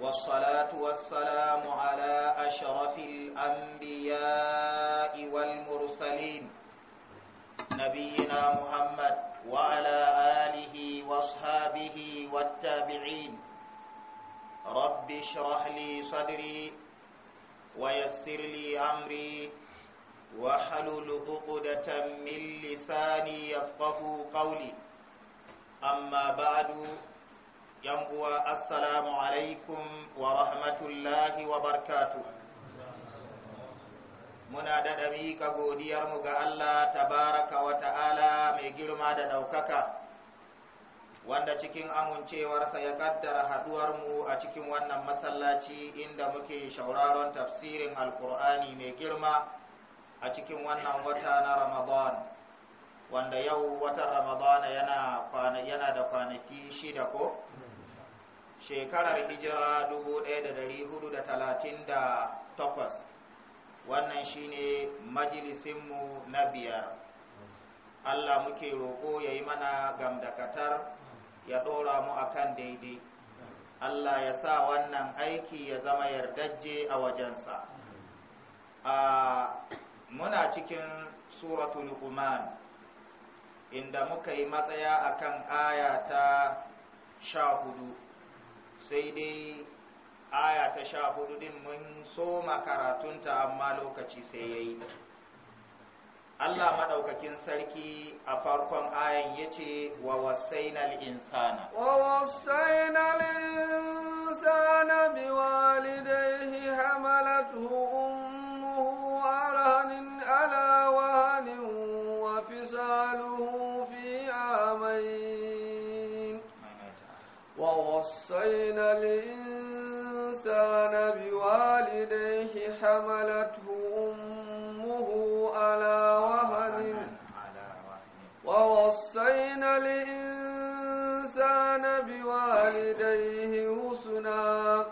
والصلاة والسلام على أشرف الأنبياء والمرسلين نبينا محمد وعلى آله واصحابه والتابعين رب اشرح لي صدري ويسر لي أمري وحلل عقدة من لساني يفقه قولي أما بعد yan uwa assalamu alaikum wa rahmatullahi wa barkatu muna da godiyar godiyarmu ga Allah tabaraka wa ta'ala mai girma da ɗaukaka wanda cikin amincewarsa ya kaddara mu a cikin wannan masallaci inda muke shauraron tafsirin alkur'ani mai girma a cikin wannan wata na ramadan wanda yau watan ramadana yana da kwanaki shida ko shekarar hijira 1438 wannan shine majalisinmu na biyar allah muke roƙo ya yi mana gamdakatar ya ɗora mu akan daidai allah ya sa wannan aiki ya zama yardajje a wajensa a muna cikin suratul luqman inda muka yi matsaya akan aya ta sha hudu sai dai aya ta sha hudu din mun soma karatunta amma lokaci sai ya yi Allah maɗaukakin sarki a farkon ayan ya ce wa wasainal insana wa wasainal insana biwalidaihi hamalatuhu ووصينا الإنسان بوالديه حملته أمه على وهن ووصينا الإنسان بوالديه حسنا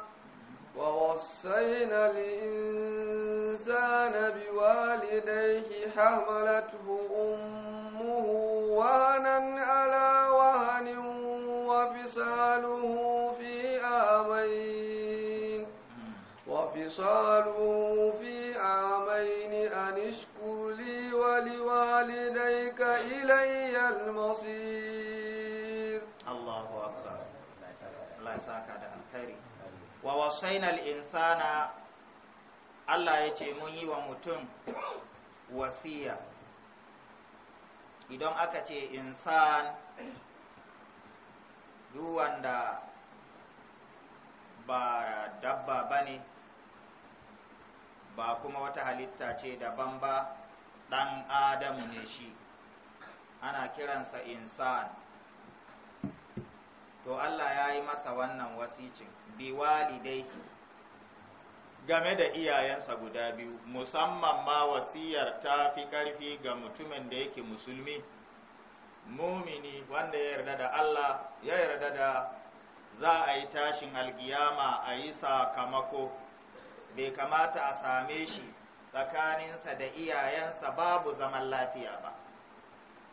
ووصينا الإنسان بوالديه حملته أمه وهنا على وفصاله في عامين وفصاله في عامين أن اشكر لي ولوالديك إلي المصير الله أكبر الله يساك على الخير ووصينا الإنسان Allah ya ce mun yi wa mutum wasiya idan aka ce insan duk wanda ba dabba ba ne ba kuma wata halitta ce daban ba ɗan adamu ne shi ana kiransa insan to Allah ya yi masa wannan wasicin biwalidaihi game da iyayensa guda biyu musamman ma wasiyar ta fi ƙarfi ga mutumin da yake musulmi mumini wanda ya yarda da Allah ya yarda da za a yi tashin alkiyama a yi sakamako bai kamata a same shi tsakaninsa da iyayensa babu zaman lafiya ba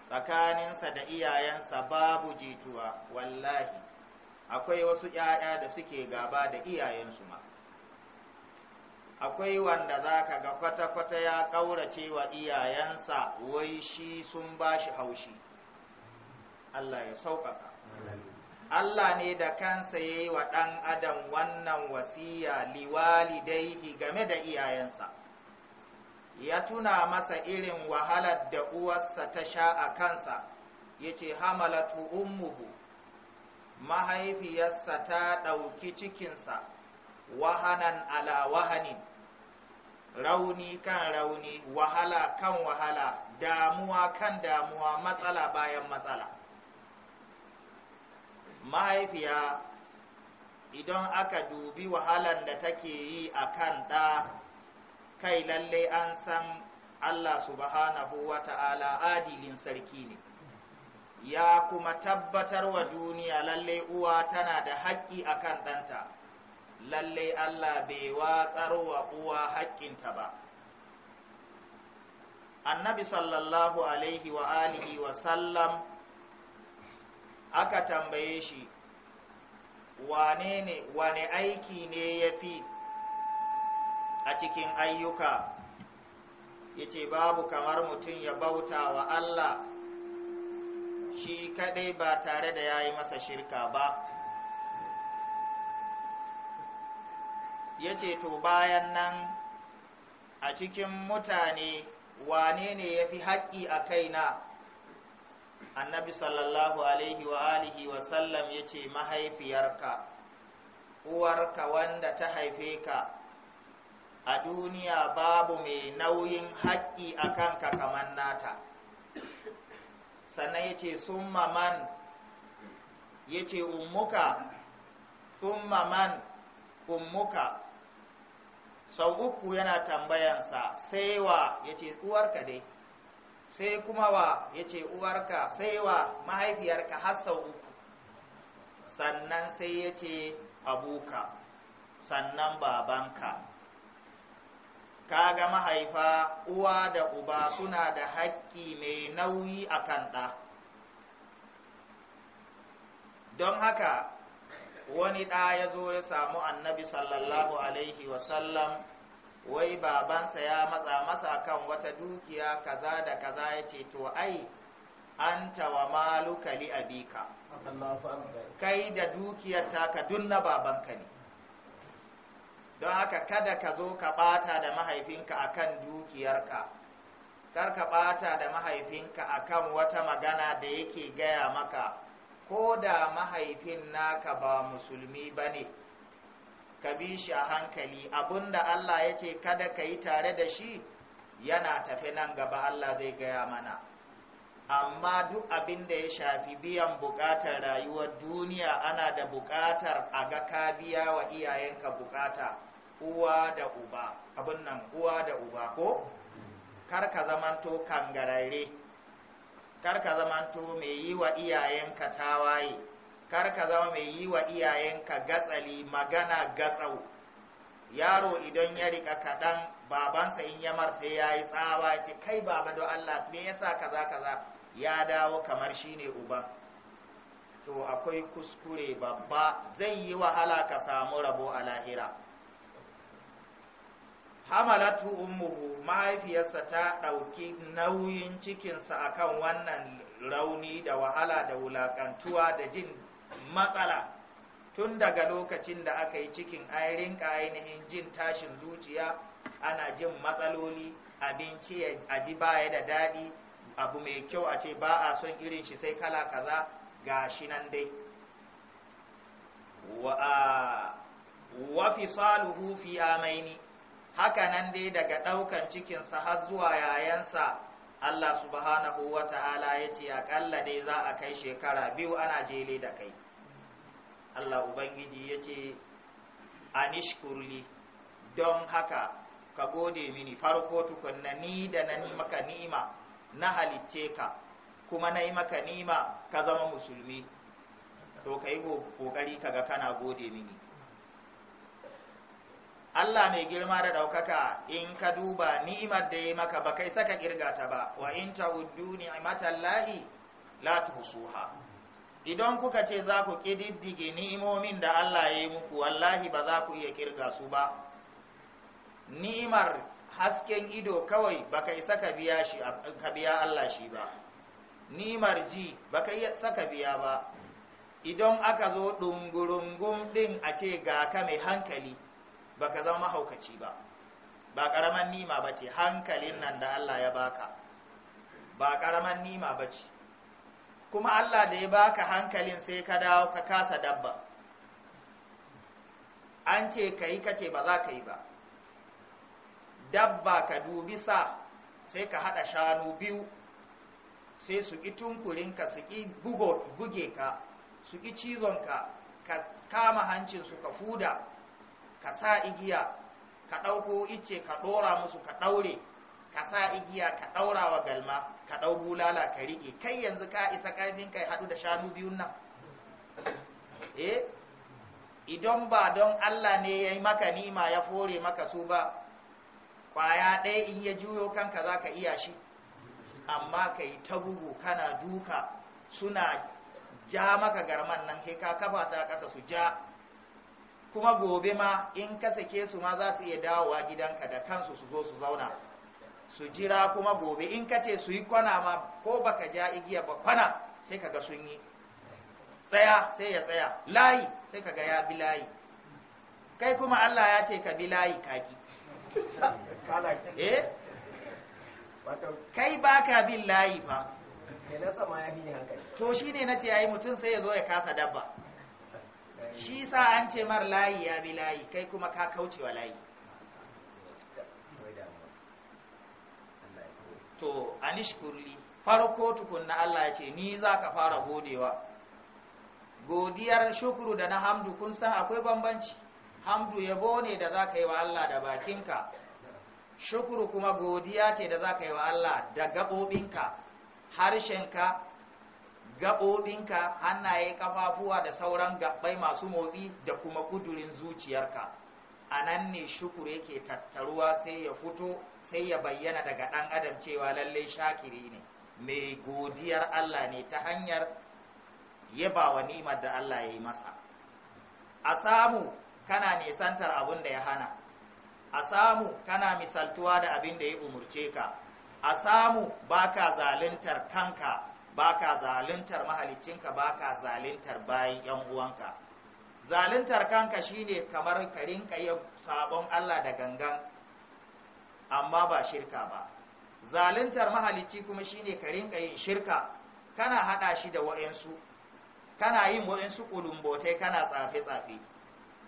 tsakaninsa da iyayensa babu jituwa wallahi akwai wasu ‘ya'ya da suke gaba da iyayensu ma akwai wanda za ka ga kwata-kwata ya ƙaurace wa iyayensa wai shi sun ba shi haushi Allah ya sauƙaƙa Allah ne da kansa ya yi wa ɗan adam wannan wasiya liwali liwalidaihi game da iyayensa ya tuna masa irin wahalar da uwarsa ta sha a kansa ya ce hamalatu ummuhu mahaifiyarsa ta ɗauki cikinsa wahanan ala wahanin rauni kan rauni wahala kan wahala damuwa kan damuwa matsala bayan matsala mahaifiya idan aka dubi wahalar da take yi a kan ɗa kai lalle an san Allah subhanahu wa ta'ala adilin sarki ne ya kuma tabbatar wa duniya lalle uwa tana da haƙƙi a kan ɗanta lalle Allah bai watsar wa uwa haƙƙinta ba annabi sallallahu alaihi wa alihi wa sallam aka tambaye shi wane ne wane aiki ne ya fi a cikin ayyuka ya ce babu kamar mutum ya bauta wa Allah shi kadai ba tare da ya yi masa shirka ba ya ce to bayan nan a cikin mutane wane ne ya fi haƙƙi a kaina annabi sallallahu alaihi wa alihi wa sallam ya ce mahaifiyarka uwarka wanda ta haife ka a duniya babu mai nauyin haƙƙi a kanka kamar nata sannan ya ce summa man ya ce ummuka summa man ummuka sau uku yana tambayansa sai wa ya ce uwarka dai sai kuma wa ya ce uwarka sai wa mahaifiyarka har sau uku sannan sai ya ce abuka sannan babanka kaga mahaifa uwa da uba suna da haƙƙi mai nauyi a kan ɗa don haka wani ɗa ya zo ya samu annabi sallallahu alaihi wasallam wai babansa ya matsa masa kan wata dukiya kaza da kaza ya ce to ai anta wa maluka li abika kai da dukiyar taka na babanka ne don haka kada ka zo ka bata da mahaifinka akan dukiyarka kar ka bata da mahaifinka akan wata magana da yake gaya maka ko da mahaifin naka ba musulmi ba ne ka bi shi a hankali abinda Allah ya ce kada ka yi tare da shi yana tafi nan gaba Allah zai gaya mana amma duk abin da ya shafi biyan bukatar rayuwar duniya ana da bukatar a ga ka biya wa iyayenka bukata uwa da uba abin nan uwa da uba ko kar ka zamanto kangararre kar ka zamanto mai yi wa iyayenka tawaye kar ka zama mai yi wa iyayenka gatsali magana gatsau yaro idan ya rika kaɗan babansa in ya sai ya yi tsawa ce kai baba don allah me yasa kaza kaza ya dawo kamar shi ne uba to akwai kuskure babba zai yi wahala ka samu rabo a lahira hamalatu ummuhu mahaifiyarsa ta ɗauki nauyin cikinsa akan wannan rauni da wahala da wulakantuwa da jin matsala tun daga lokacin da aka yi cikin ayirin ainihin jin tashin zuciya ana jin matsaloli abinci a ji baya da daɗi abu mai kyau a ce ba a son irin shi sai kala kaza ga shi nan dai wa saluhu fi amaini haka nan dai daga ɗaukan cikinsa har zuwa yayansa Allah subhanahu wa ta'ala ya ce aƙalla dai za a kai shekara biyu ana jele da kai Allah Ubangiji ya ce anishkurli don haka ka gode mini farko tukunna ni da na ni maka ni'ima na halicce ka kuma na yi maka ni'ima ka zama musulmi to ka yi kokari kaga kana gode mini Allah mai girma da ɗaukaka in ka duba ni'imar da ya maka ba kai saka kirga ta ba wa in ta ta'uddu ni'matan lahi la tuhsuha idan kuka ce za ku kididdige ni'imomin da Allah ya yi muku wallahi ba za ku iya kirga su ba ni'imar hasken ido kawai ba kai saka biya shi ka biya Allah shi ba ni'imar ji ba kai saka biya ba idan aka zo dungurungum ɗin, a ce ga ka mai hankali baka zama mahaukaci ba ba karaman nima bace hankalin nan da Allah ya baka ba karaman nima bace kuma Allah da ya baka hankalin sai ka dawo ka kasa dabba an ce ka yi kace ba za ka yi ba dabba ka dubi sa sai ka haɗa shanu biyu sai su ƙi tunkurinka su ƙi buge ka su ƙi cizonka ka kama hancin su ka fuda ka sa igiya ka ɗauko icce ka ɗora musu ka ɗaure ka sa igiya ka ɗaura wa galma ka ɗau bulala ka riƙe kai yanzu ka isa ƙarfin kai haɗu da shanu biyun nan eh idan ba don Allah ne ya yi maka nima ya fore maka su ba kwaya ɗaya in ya juyo kanka za ka iya shi amma ka yi ta bugu kana duka suna ja maka garman nan sai ka kafa ta ƙasa su ja kuma gobe ma in ka sake su ma za su iya dawowa gidanka da kansu su zo su zauna su jira kuma gobe in ka ce su yi kwana ma ko baka ja igiya ba kwana sai kaga sun yi tsaya sai ya tsaya layi sai kaga ya bi layi kai kuma Allah ya ce ka bi layi kaki eh kai baka bin layi fa to shine ya yi mutum sai ya zo ya kasa dabba shi sa an ce mar layi ya bi layi kai kuma ka kaucewa layi to anishkurli farko tukunna Allah ya ce ni za ka fara godewa godiyar shukuru da na hamdu kun san akwai bambanci hamdu yabo ne da za ka yi wa Allah da bakinka shukuru kuma godiya ce da za ka yi wa Allah da gaɓoɓinka harshenka gaɓoɓinka hannaye ƙafafuwa da sauran gaɓɓai masu motsi da kuma kudurin zuciyarka a nan ne shukur yake tattaruwa sai ya fito sai ya bayyana daga ɗan adam cewa lallai shakiri ne mai godiyar allah ne ta hanyar yaba wa nimar da allah ya yi masa a samu kana nisantar abin da ya hana a samu kana misaltuwa da abin da ya umurce ka a samu baka zaluntar kanka ba ka zaluntar mahalicinka ba ka zaluntar bayan yan uwanka zaluntar kanka shine kamar ka rinka yin sabon Allah da gangan amma ba shirka ba zaluntar mahalicci kuma shine ka rinka yin shirka kana hada shi da wa'ansu kana yin wayansu kulumbotai kana tsafe-tsafe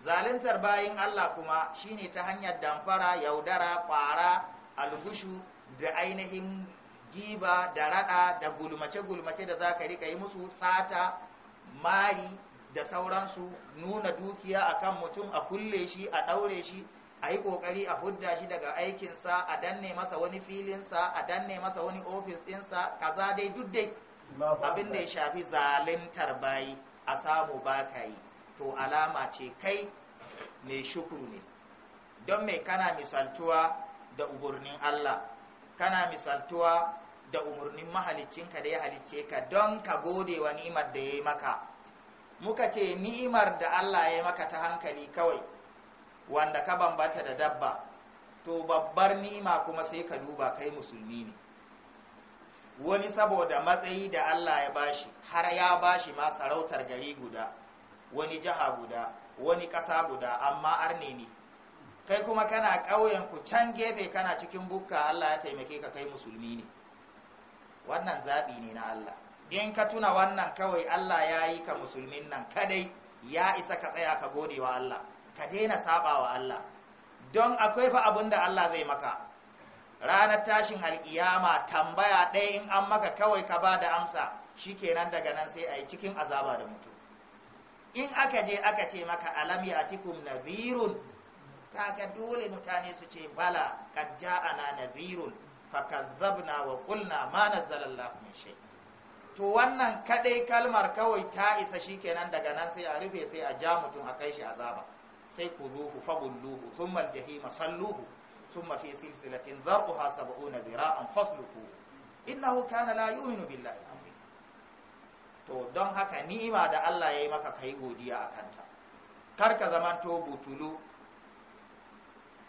zaluntar bayan Allah kuma shine ta hanyar damfara yaudara kwara algushu da ainihin giba da rada da gulmace-gulmace da za ka rika yi musu sata mari da sauransu nuna dukiya akan mutum a kulle shi a daure shi a yi kokari a hudda shi daga aikinsa a danne masa wani filinsa a danne masa wani ofis dinsa kaza dai duk dai abin da ya shafi zalintar bayi a samu baka yi to alama ce kai mai shukuru ne don mai kana misaltuwa da uburnin Allah kana misaltuwa da umarnin mahaliccinka da ya halicce ka don ka gode wa ni'imar da ya yi maka muka ce ni'imar da Allah ya yi maka ta hankali kawai wanda ka bambata da dabba to babbar ni'ima kuma sai ka duba kai musulmi ne wani saboda matsayi da Allah ya bashi har ya bashi ma sarautar gari guda wani jiha guda wani ƙasa guda amma arne ne kai kuma kana ƙauyen ku can gefe kana cikin bukka Allah ya taimake ka kai musulmi ne wannan zaɓi ne na Allah in ka tuna wannan kawai Allah ya yi ka musulmin nan kadai ya isa ka tsaya ka gode wa Allah ka daina saba wa Allah don akwai fa abin da Allah zai maka ranar tashin alkiyama tambaya ɗaya in an maka kawai ka ba da amsa shi kenan daga nan sai a yi cikin azaba da mutu in aka je aka ce maka alam ya tikum nazirun kaga dole mutane su ce bala kad ja'ana nazirun fakazzabna wa qulna ma nazzala Allah min shay to wannan kadai kalmar kawai ta isa shikenan daga nan sai a rufe sai a ja mutum a kai shi azaba sai ku zuhu fagulluhu thumma aljahima salluhu thumma fi silsilatin dharquha 70 dhira'an fasluhu innahu kana la yu'minu billahi to don haka ni'ima da Allah ya yi maka kai godiya a kanta kar ka zamanto butulu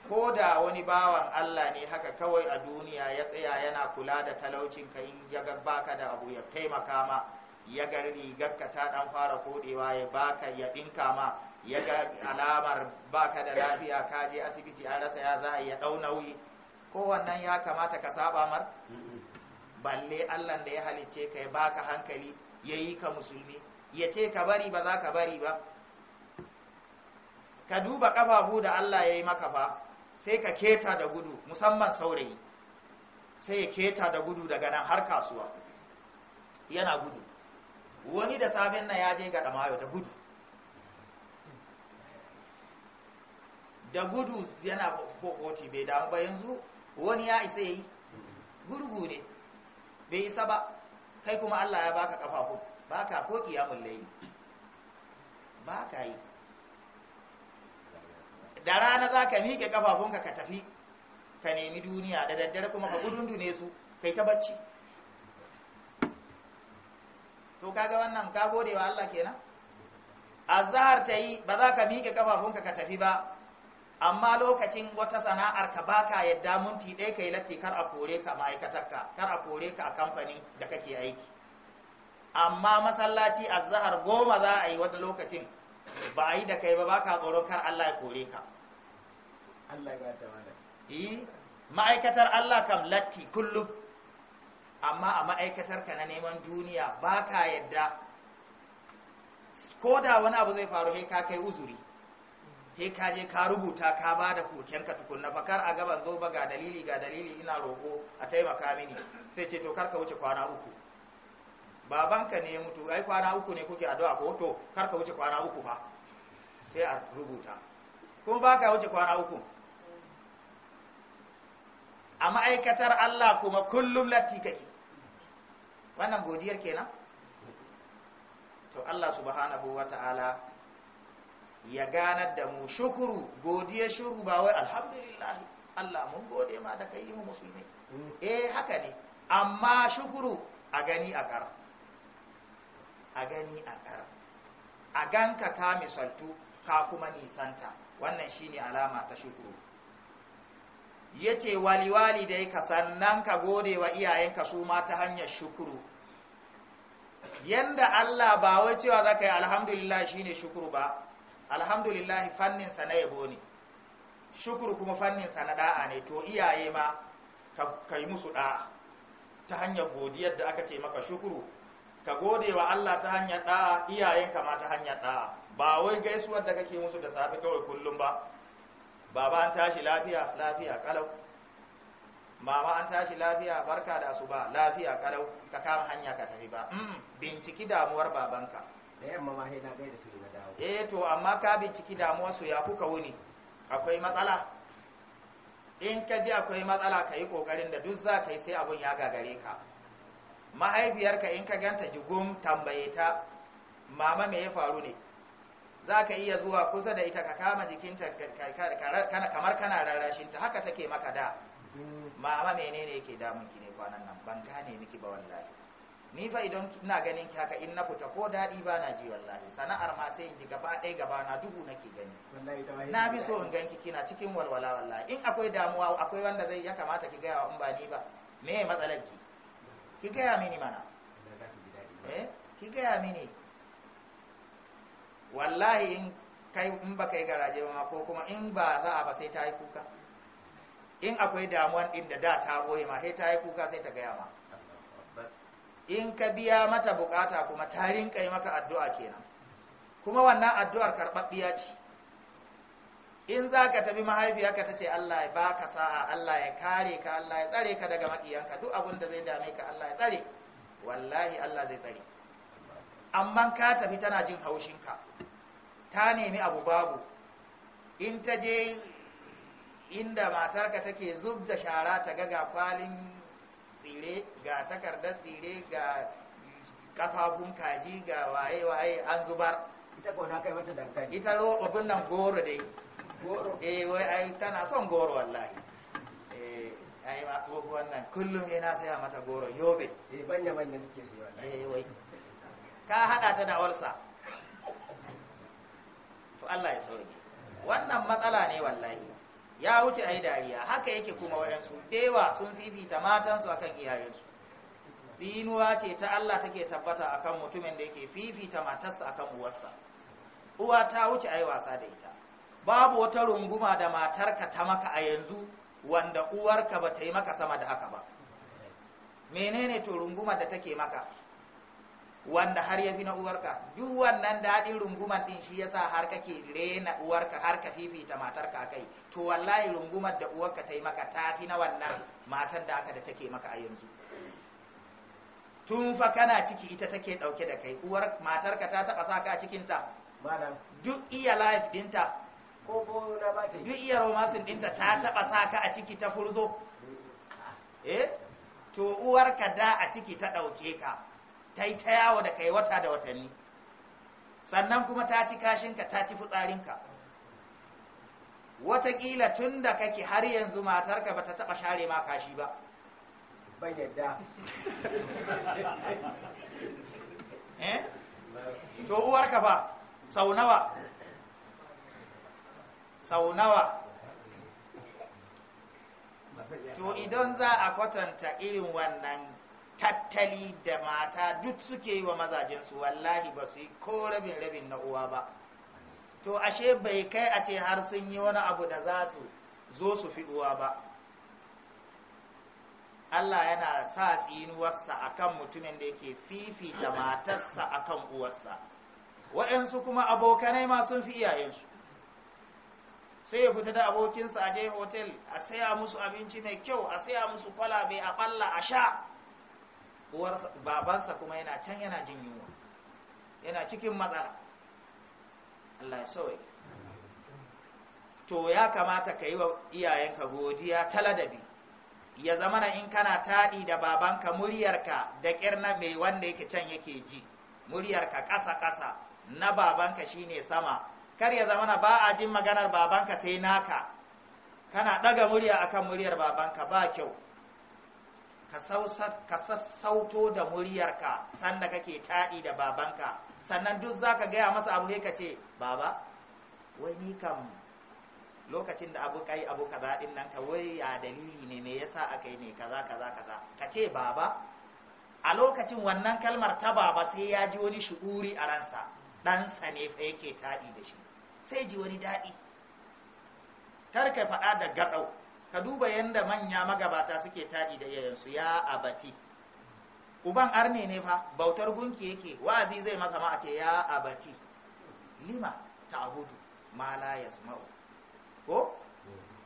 ko da wani bawan Allah ne haka kawai a duniya ya tsaya yana kula da talaucin ka in ya baka da abu ya taimaka ma ya ga rigarka ta dan fara kodewa ya baka ya dinka ma ya ga alamar baka da lafiya ka je asibiti a rasa ya za a ya dau nauyi ko wannan ya kamata ka saba mar balle Allah da ya halicce ka ya baka hankali ya yi ka musulmi ya ce ka bari ba za ka bari ba ka duba kafafu da Allah ya yi maka fa sai ka keta da gudu musamman saurayi sai ya keta da gudu daga nan har kasuwa yana gudu wani da safen nan ya je ga damayo da gudu da gudu yana kokoti bai damu ba yanzu wani ya isa yi gurgu ne bai isa ba kai kuma Allah ya baka kafafu baka ko kiyamun layli baka yi da rana za ka miƙe kafafunka ka tafi ka nemi duniya da daddare kuma ka ne su kai ta bacci to kaga wannan ka gode wa Allah kenan azhar ta yi ba za ka miƙe kafafunka ka tafi ba amma lokacin wata sana'ar ka baka yadda munti ɗaya yi latti kar a kore ka ma'aikatarka kar a kore ka a kamfanin da kake aiki amma masallaci azhar goma za a yi wata lokacin ba a yi da kai ba baka tsoron kar Allah ya kore ka Allah eh, ma'aikatar Allah kam latti kullum amma a ma'aikatar ka na neman duniya ba ka yadda ko da wani abu zai faru sai ka kai uzuri sai ka je ka rubuta ka ba da kokenka tukunna fa a gaban zo ba ga dalili ga dalili ina roƙo a taimaka mini sai ce to kar ka wuce kwana uku babanka ne ya mutu ai kwana uku ne kuke addu'a ko to kar ka wuce kwana uku fa sai a rubuta kuma ba ka wuce kwana uku a ma'aikatar Allah kuma kullum latti kake wannan godiyar kenan to Allah subhanahu ta’ala ya ganar da mu shukuru godiyar shukuru ba wai alhamdulillah Allah mun gode ma da kai mu musulmi eh haka ne amma shukuru a gani a kar a gani a kar a ganka ka misaltu ka kuma nisanta wannan shine alama ta shukuru ya ce waliwali da ka sannan ka gode wa iyayenka su ma ta hanyar shukuru Yadda Allah ba wai cewa za ka yi alhamdulillah shi ne shukuru ba alhamdulillah fanninsa na yabo ne shukuru kuma fanninsa na da'a ne to iyaye ma ka yi musu da'a ta hanyar godiyar da aka ce maka shukuru ka gode wa Allah ta hanyar da'a iyayenka ma ta hanyar da'a ba wai gaisuwar da kake musu da safe kawai kullum ba baba an tashi lafiya lafiya kalau mama an tashi lafiya barka da asuba lafiya kalau ka kama hanya ka tafi ba mm. binciki damuwar babanka da yamma ma sai na da su na dawo eh to amma ka binciki damuwar su ya kuka wuni akwai matsala in ka ji akwai matsala ka yi kokarin da duk za ka yi sai abun ya gagare ka mahaifiyarka in ka ganta jigum tambaye ta mama me ya faru ne za ka iya zuwa kusa da ita ka kama jikinta kamar kana rarrashinta haka take maka da ma'ama menene yake damun ki ne kwanan nan ban gane miki ba wallahi ni fa idan ina ganin ki haka in na fita ko daɗi ba na ji wallahi sana'ar ma sai in ji gaba ɗaya gaba na duhu nake gani na bi so in ganki kina cikin walwala wallahi in akwai damuwa akwai wanda zai ya kamata ki gaya wa in ba ni ba me matsalar ki ki gaya mini mana eh ki gaya mini wallahi in kai in ba kai garaje ba ko kuma in ba za a ba sai ta yi kuka in akwai damuwan din da ta boye ma sai ta yi kuka sai ta gaya ma in ka biya mata bukata kuma ta rinka yi maka addu'a kenan kuma wannan addu'ar karɓaɓɓiya ce in za ka tafi mahaifiyarka ta ce Allah ya baka sa'a Allah ya kare ka Allah ya tsare ka daga maƙiyanka duk abin da zai dame ka Allah ya tsare wallahi Allah zai tsare amma ka tafi tana jin haushinka ta nemi abu babu in ta je inda matarka take zub da shara ta ga ga kwalin tsire ga takardar tsire ga kafafun kaji ga waye-waye an zubar ita na kai wata dankali ita nan goro dai goro eh wai ai tana son goro wallahi eh ai ba ko wannan kullum ina sai mata goro yobe eh banya banya nake sai wallahi eh wai ka hada ta da olsa to Allah ya sauke wannan matsala ne wallahi ya wuce ai dariya haka yake kuma wayansu dewa sun fifita matansu akan iyayensu dinuwa ce ta Allah take tabbata akan mutumin da yake fifita matarsa akan uwarsa uwa ta wuce ai wasa da ita babu wata runguma da matarka ta maka a yanzu wanda uwarka ba ta yi maka sama da haka ba menene to runguma da take maka wanda har ya fi na uwarka duk wannan daɗin runguman ɗin shi yasa har kake rena uwarka har ka fifita matarka kai to wallahi rungumar da uwarka ta yi maka ta fi na wannan matar da aka da take maka a yanzu tun fa kana ciki ita take ɗauke da kai uwar matarka ta taɓa saka a cikinta duk iya life ɗinta duk iya romasin ɗinta ta taɓa saka a ciki ta furzo eh to uwarka da a ciki ta ɗauke ka ta yi ta yawo da kai wata da watanni sannan kuma ta ci kashinka ta ci fitsarinka wataƙila tun da kake har yanzu matarka ba ta taɓa share ma kashi ba bai eh? to uwarka fa sau nawa sau nawa to idan za a kwatanta irin wannan tattali da mata duk suke yi wa mazajensu wallahi ba su yi ko rabin rabin na uwa ba to ashe bai kai a ce har sun yi wani abu da za su zo su fi uwa ba Allah yana sa tsinuwarsa akan mutumin da yake fifita matarsa akan uwarsa wa'yansu kuma abokanai ma sun fi iyayensu sai ya fita da abokinsa a je hotel a saya musu abinci mai kyau a saya musu kwalabe a ɓalla a sha uwarsa babansa kuma yana can yana jin yunwa yana cikin matsala Allah ya sauye to ya kamata ka yi wa iyayenka godiya ta ladabi ya zama na in kana taɗi da babanka muryarka da ƙirna mai wanda yake can yake ji muryarka ƙasa-ƙasa na babanka shine sama kar ya zama na ba a jin maganar babanka sai naka kana ɗaga murya akan muryar babanka ba kyau ka sassauto da muryarka sanda kake taɗi da babanka sannan duk za ka gaya masa abu ka ce baba wai ni kam lokacin da abu kai abu kaza din nan ka wai ya dalili ne me yasa aka yi ne kaza kaza kaza ka ce baba a lokacin wannan kalmar ta baba sai ya ji wani shu'uri a ransa ɗansa ne fa yake taɗi da shi sai ji wani daɗi kar ka faɗa da gatsau ka duba yadda manya magabata suke tadi da yayansu ya abati uban arne ne fa bautar gunki yake wa'azi zai maka ma a ce ya abati lima ta'budu ma la yasma'u ko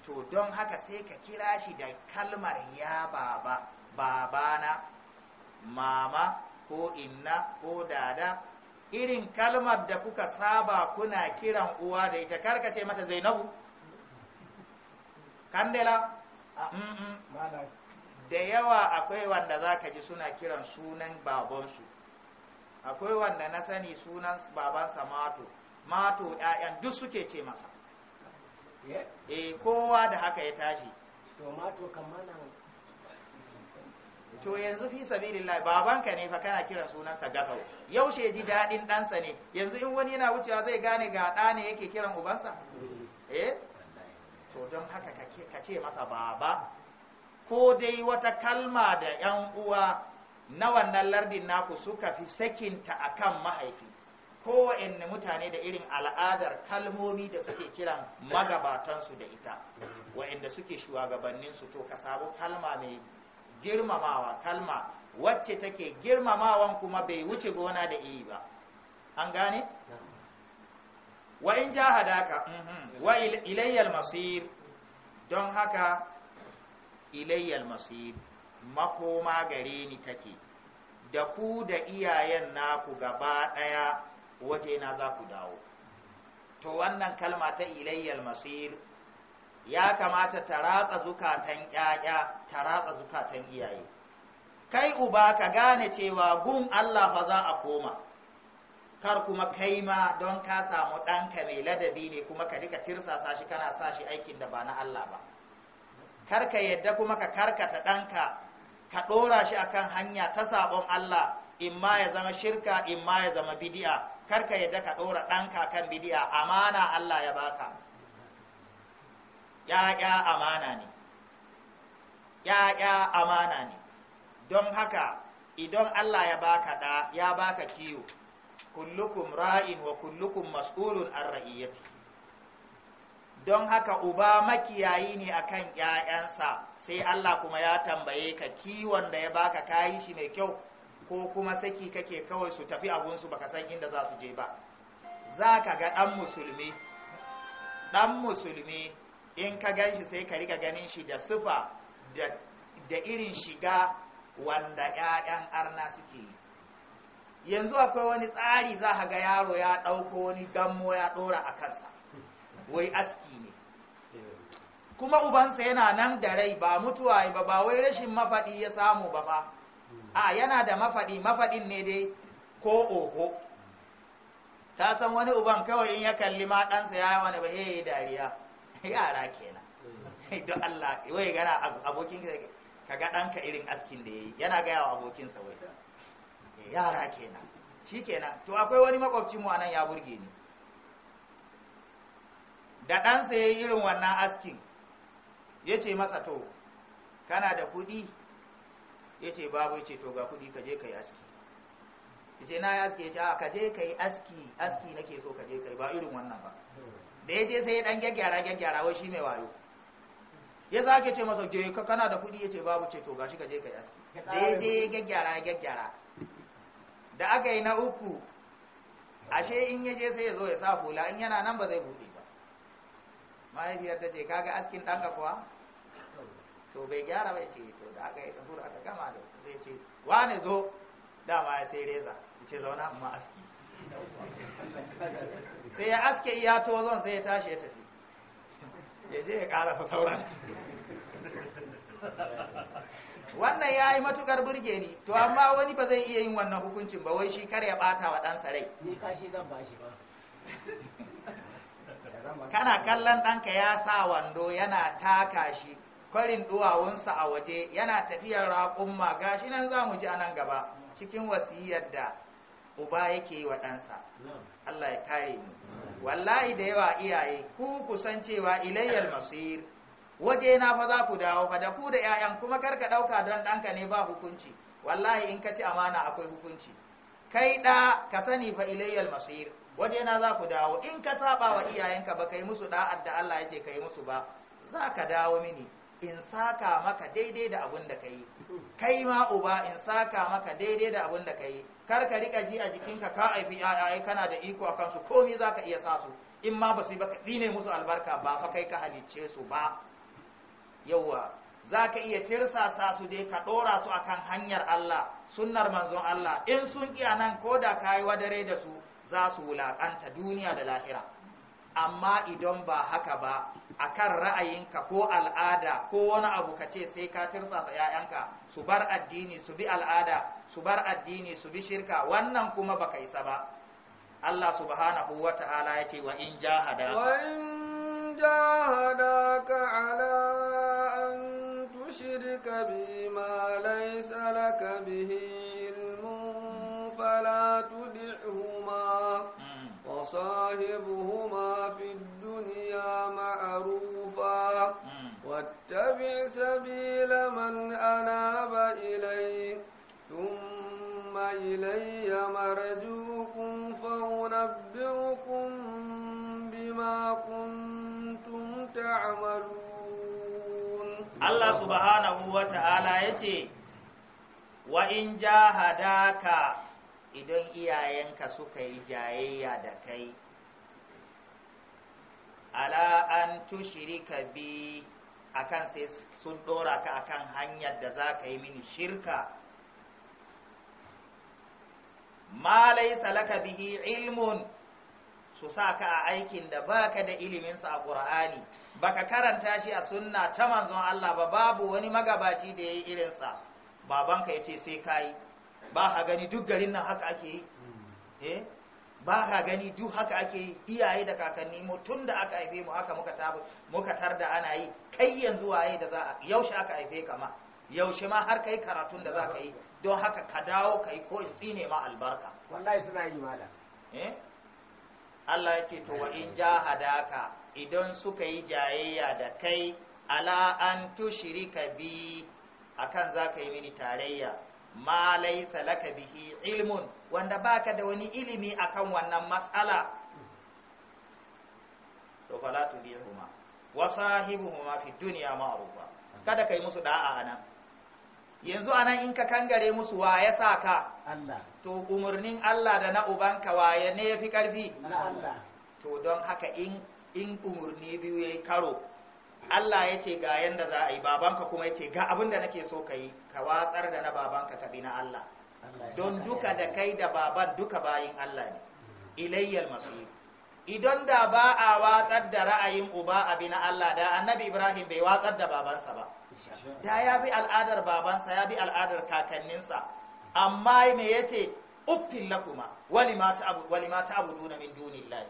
to don haka sai ka kira shi da kalmar ya baba babana mama ko inna ko dada irin kalmar da kuka saba kuna kiran uwa da ita ce mata zainabu kandela ah. da yawa akwai wanda za ka ji suna kiran sunan babansu akwai wanda na sani sunan babansa mato mato ‘ya'yan duk suke ce masa e kowa da haka ya tashi to yanzu fi sabilillah babanka ne fa kana kiran sunansa gafau yaushe ji daɗin ɗansa ne yanzu in wani yana wucewa zai gane ga ɗa ne yake kiran ubansa eh, eh? to don haka ka ce masa baba ko dai wata kalma da 'yan uwa na wannan lardin naku suka fi sakinta a kan mahaifi ko wa'in mutane da irin al'adar kalmomi da suke kiran magabatansu da ita Wa'in da suke shugabanninsu to ka samu kalma mai girmamawa kalma wacce take girmamawan kuma bai wuce gona da iri ba an gane? wa in jahadaka mhm. wa ilayyal masir don haka ilayyal masir makoma gare ni take da ku da iyayen na ku gaba ɗaya waje na za ku dawo to wannan kalma ta ilayyal masir ya kamata ta ratsa zukatan ƴaƴa ta ratsa zukatan iyaye kai uba ka gane cewa gun Allah fa za a koma kar kuma kai ma don ka samu ɗanka mai ladabi ne kuma ka rika tirsasa shi kana sa shi aikin da ba na Allah ba kar ka yadda kuma ka karkata ɗanka ka ɗora shi akan hanya ta sabon Allah in ma ya zama shirka in ma ya zama bidi'a kar ka yadda ka ɗora ɗanka kan bidi'a amana Allah ya baka ya'ya amana ne ya'ya amana ne don haka idan Allah ya baka ɗa ya baka kiwo kullukum ra'in wa kullukum mas'ulun an ra'iyyati don haka uba makiyayi ne akan ƴaƴansa sai Allah kuma ya tambaye ka kiwon da ya baka kayi shi mai kyau ko kuma saki kake kawai su tafi abun su baka san inda za su je ba za ka ga ɗan musulmi ɗan musulmi in ka gan shi sai ka rika ganin shi da sufa da irin shiga wanda 'ya'yan arna suke yi yanzu akwai wani tsari za a ga yaro ya ɗauko wani gammo ya ɗora a kansa wai aski ne kuma ubansa yana nan da rai ba mutuwa ba ba wai rashin mafaɗi ya samu ba ba a yana da mafaɗi mafaɗin ne dai ko oho ta san wani uban kawai in ya kalli ma ɗansa ya wani ba yi dariya yara kenan don Allah wai gana abokin ka ga ɗanka irin askin da ya yi. yana gaya wa abokinsa wai yara kenan shi kenan to akwai wani makwabci mu anan ya burge ni da ɗansa ya yi irin wannan askin ya ce masa to kana da kuɗi ya ce babu ya ce to ga kuɗi ka je ka yi aski ya ce na yi aski ya ce a ka je ka yi aski aski nake so ka je ka yi ba irin wannan ba da ya je sai ya ɗan gyaggyara gyaggyara wai shi mai wayo ya za ke ce masa je ka kana da kuɗi ya ce babu ce to gashi ka je ka yi aski da ya je ya gyaggyara gyagyara gyaggyara da aka yi na uku ashe in yaje sai ya zo ya sa hula in yana nan ba zai buɗe ba mahaifiyar ta ce kaga askin ɗanka kuwa to bai gyara bai ce to da aka yi sahur aka gama da zai ce wane zo dama ya sai reza ya ce zauna amma aski sai ya aske iya tozon sai ya tashi ya tafi ya je ya karasa sauran wannan ya yi matukar burge ni to amma wani ba zai iya yin wannan hukuncin ba wai shi kar ya bata wa ɗansa rai ni kashi zan ba ba kana kallon ɗanka ya sa wando yana taka shi kwarin duwawunsa a waje yana tafiyar raƙumma gashi nan za mu ji a nan gaba cikin wasiyar da uba yake yi wa ɗansa Allah ya kare mu wallahi da yawa iyaye ku kusan cewa ilayyal masir waje na fa za ku dawo fa da ku da 'ya'yan kuma kar ka ɗauka don ɗanka ne ba hukunci wallahi in ka ci amana akwai hukunci kai ɗa ka sani fa ilayyal masir waje na za ku dawo in ka saba wa iyayenka ba kai musu da da Allah ya ce kai musu ba za ka dawo mini in saka maka daidai da abun da ka kai ma uba in saka maka daidai da abun da ka kar ka rika ji a jikinka ka haifi ai kana da iko a kansu komi za ka iya sa su in ma ba su yi ba ka tsine musu albarka ba fa kai ka halicce su ba Yauwa za ka iya tirsasa su dai ka ɗora su a kan hanyar Allah sunnar manzon Allah in sun iya nan ko da ka yi wadare da su za su wulaƙanta duniya da lahira amma idan ba haka ba a kan ra'ayinka ko al'ada ko wani abu ka ce sai ka tirsasa 'ya'yanka su bar addini su bi al'ada su bar addini su bi shirka wannan kuma baka isa ba Allah subhanahu wa ta'ala ya ce wa in jahadaka wa in jahadaka ala تشرك به ما ليس لك به علم فلا تدعهما وصاحبهما في الدنيا معروفا واتبع سبيل من أناب إلي ثم إلي مرجوكم فأنبئكم بما كنتم تعملون Allah subhanahu wa ta'ala ya ce, Wa in jahadaka idan iyayenka suka yi jayayya da kai, ala an tushirika bi akan sai sun ɗora ka akan hanyar da za ka yi mini shirka. Ma laisa laka bihi ilmun su sa ka a aikin da baka da iliminsa a ƙur'ani baka karanta shi a sunna ta manzon Allah ba babu wani magabaci da ya yi irinsa babanka ya ce sai ka yi ba ka gani duk garin nan haka ake yi eh? ba ka gani duk haka ake yi iyaye da kakanni mu tun da aka haife mu haka muka tabu muka da ana yi kai yanzu waye da za a yaushe aka haife ka ma yaushe ma har kai karatun da za ka yi don haka ka dawo ka yi ko in tsine ma albarka wallahi suna yi mala eh Allah ya ce to wa in jahadaka idan suka yi jayayya da kai ala an tushrika bi akan zaka yi mini tarayya ma laysa laka bihi ilmun wanda baka da wani ilimi akan wannan mas'ala to fala tudihuma wa sahibuhuma fi dunya ma'rufa kada kai musu da'a anan yanzu anan in ka kangare musu wa ya sa ka to umarnin Allah da na ubanka waye ne ya fi ƙarfi to don haka in umarni biyu ya yi karo Allah ya ce ga yanda za a yi babanka kuma ya ce ga abin da nake so ka yi ka watsar da na babanka ka bi na Allah don duka da kai da baban duka bayin Allah ne mm. ilayyal masu idan da ba a watsar da ra'ayin uba abi na Allah da annabi Ibrahim bai watsar da babansa ba da ya bi al'adar babansa ya bi al'adar kakanninsa amma me yace uffin lakuma walima ta abu min lai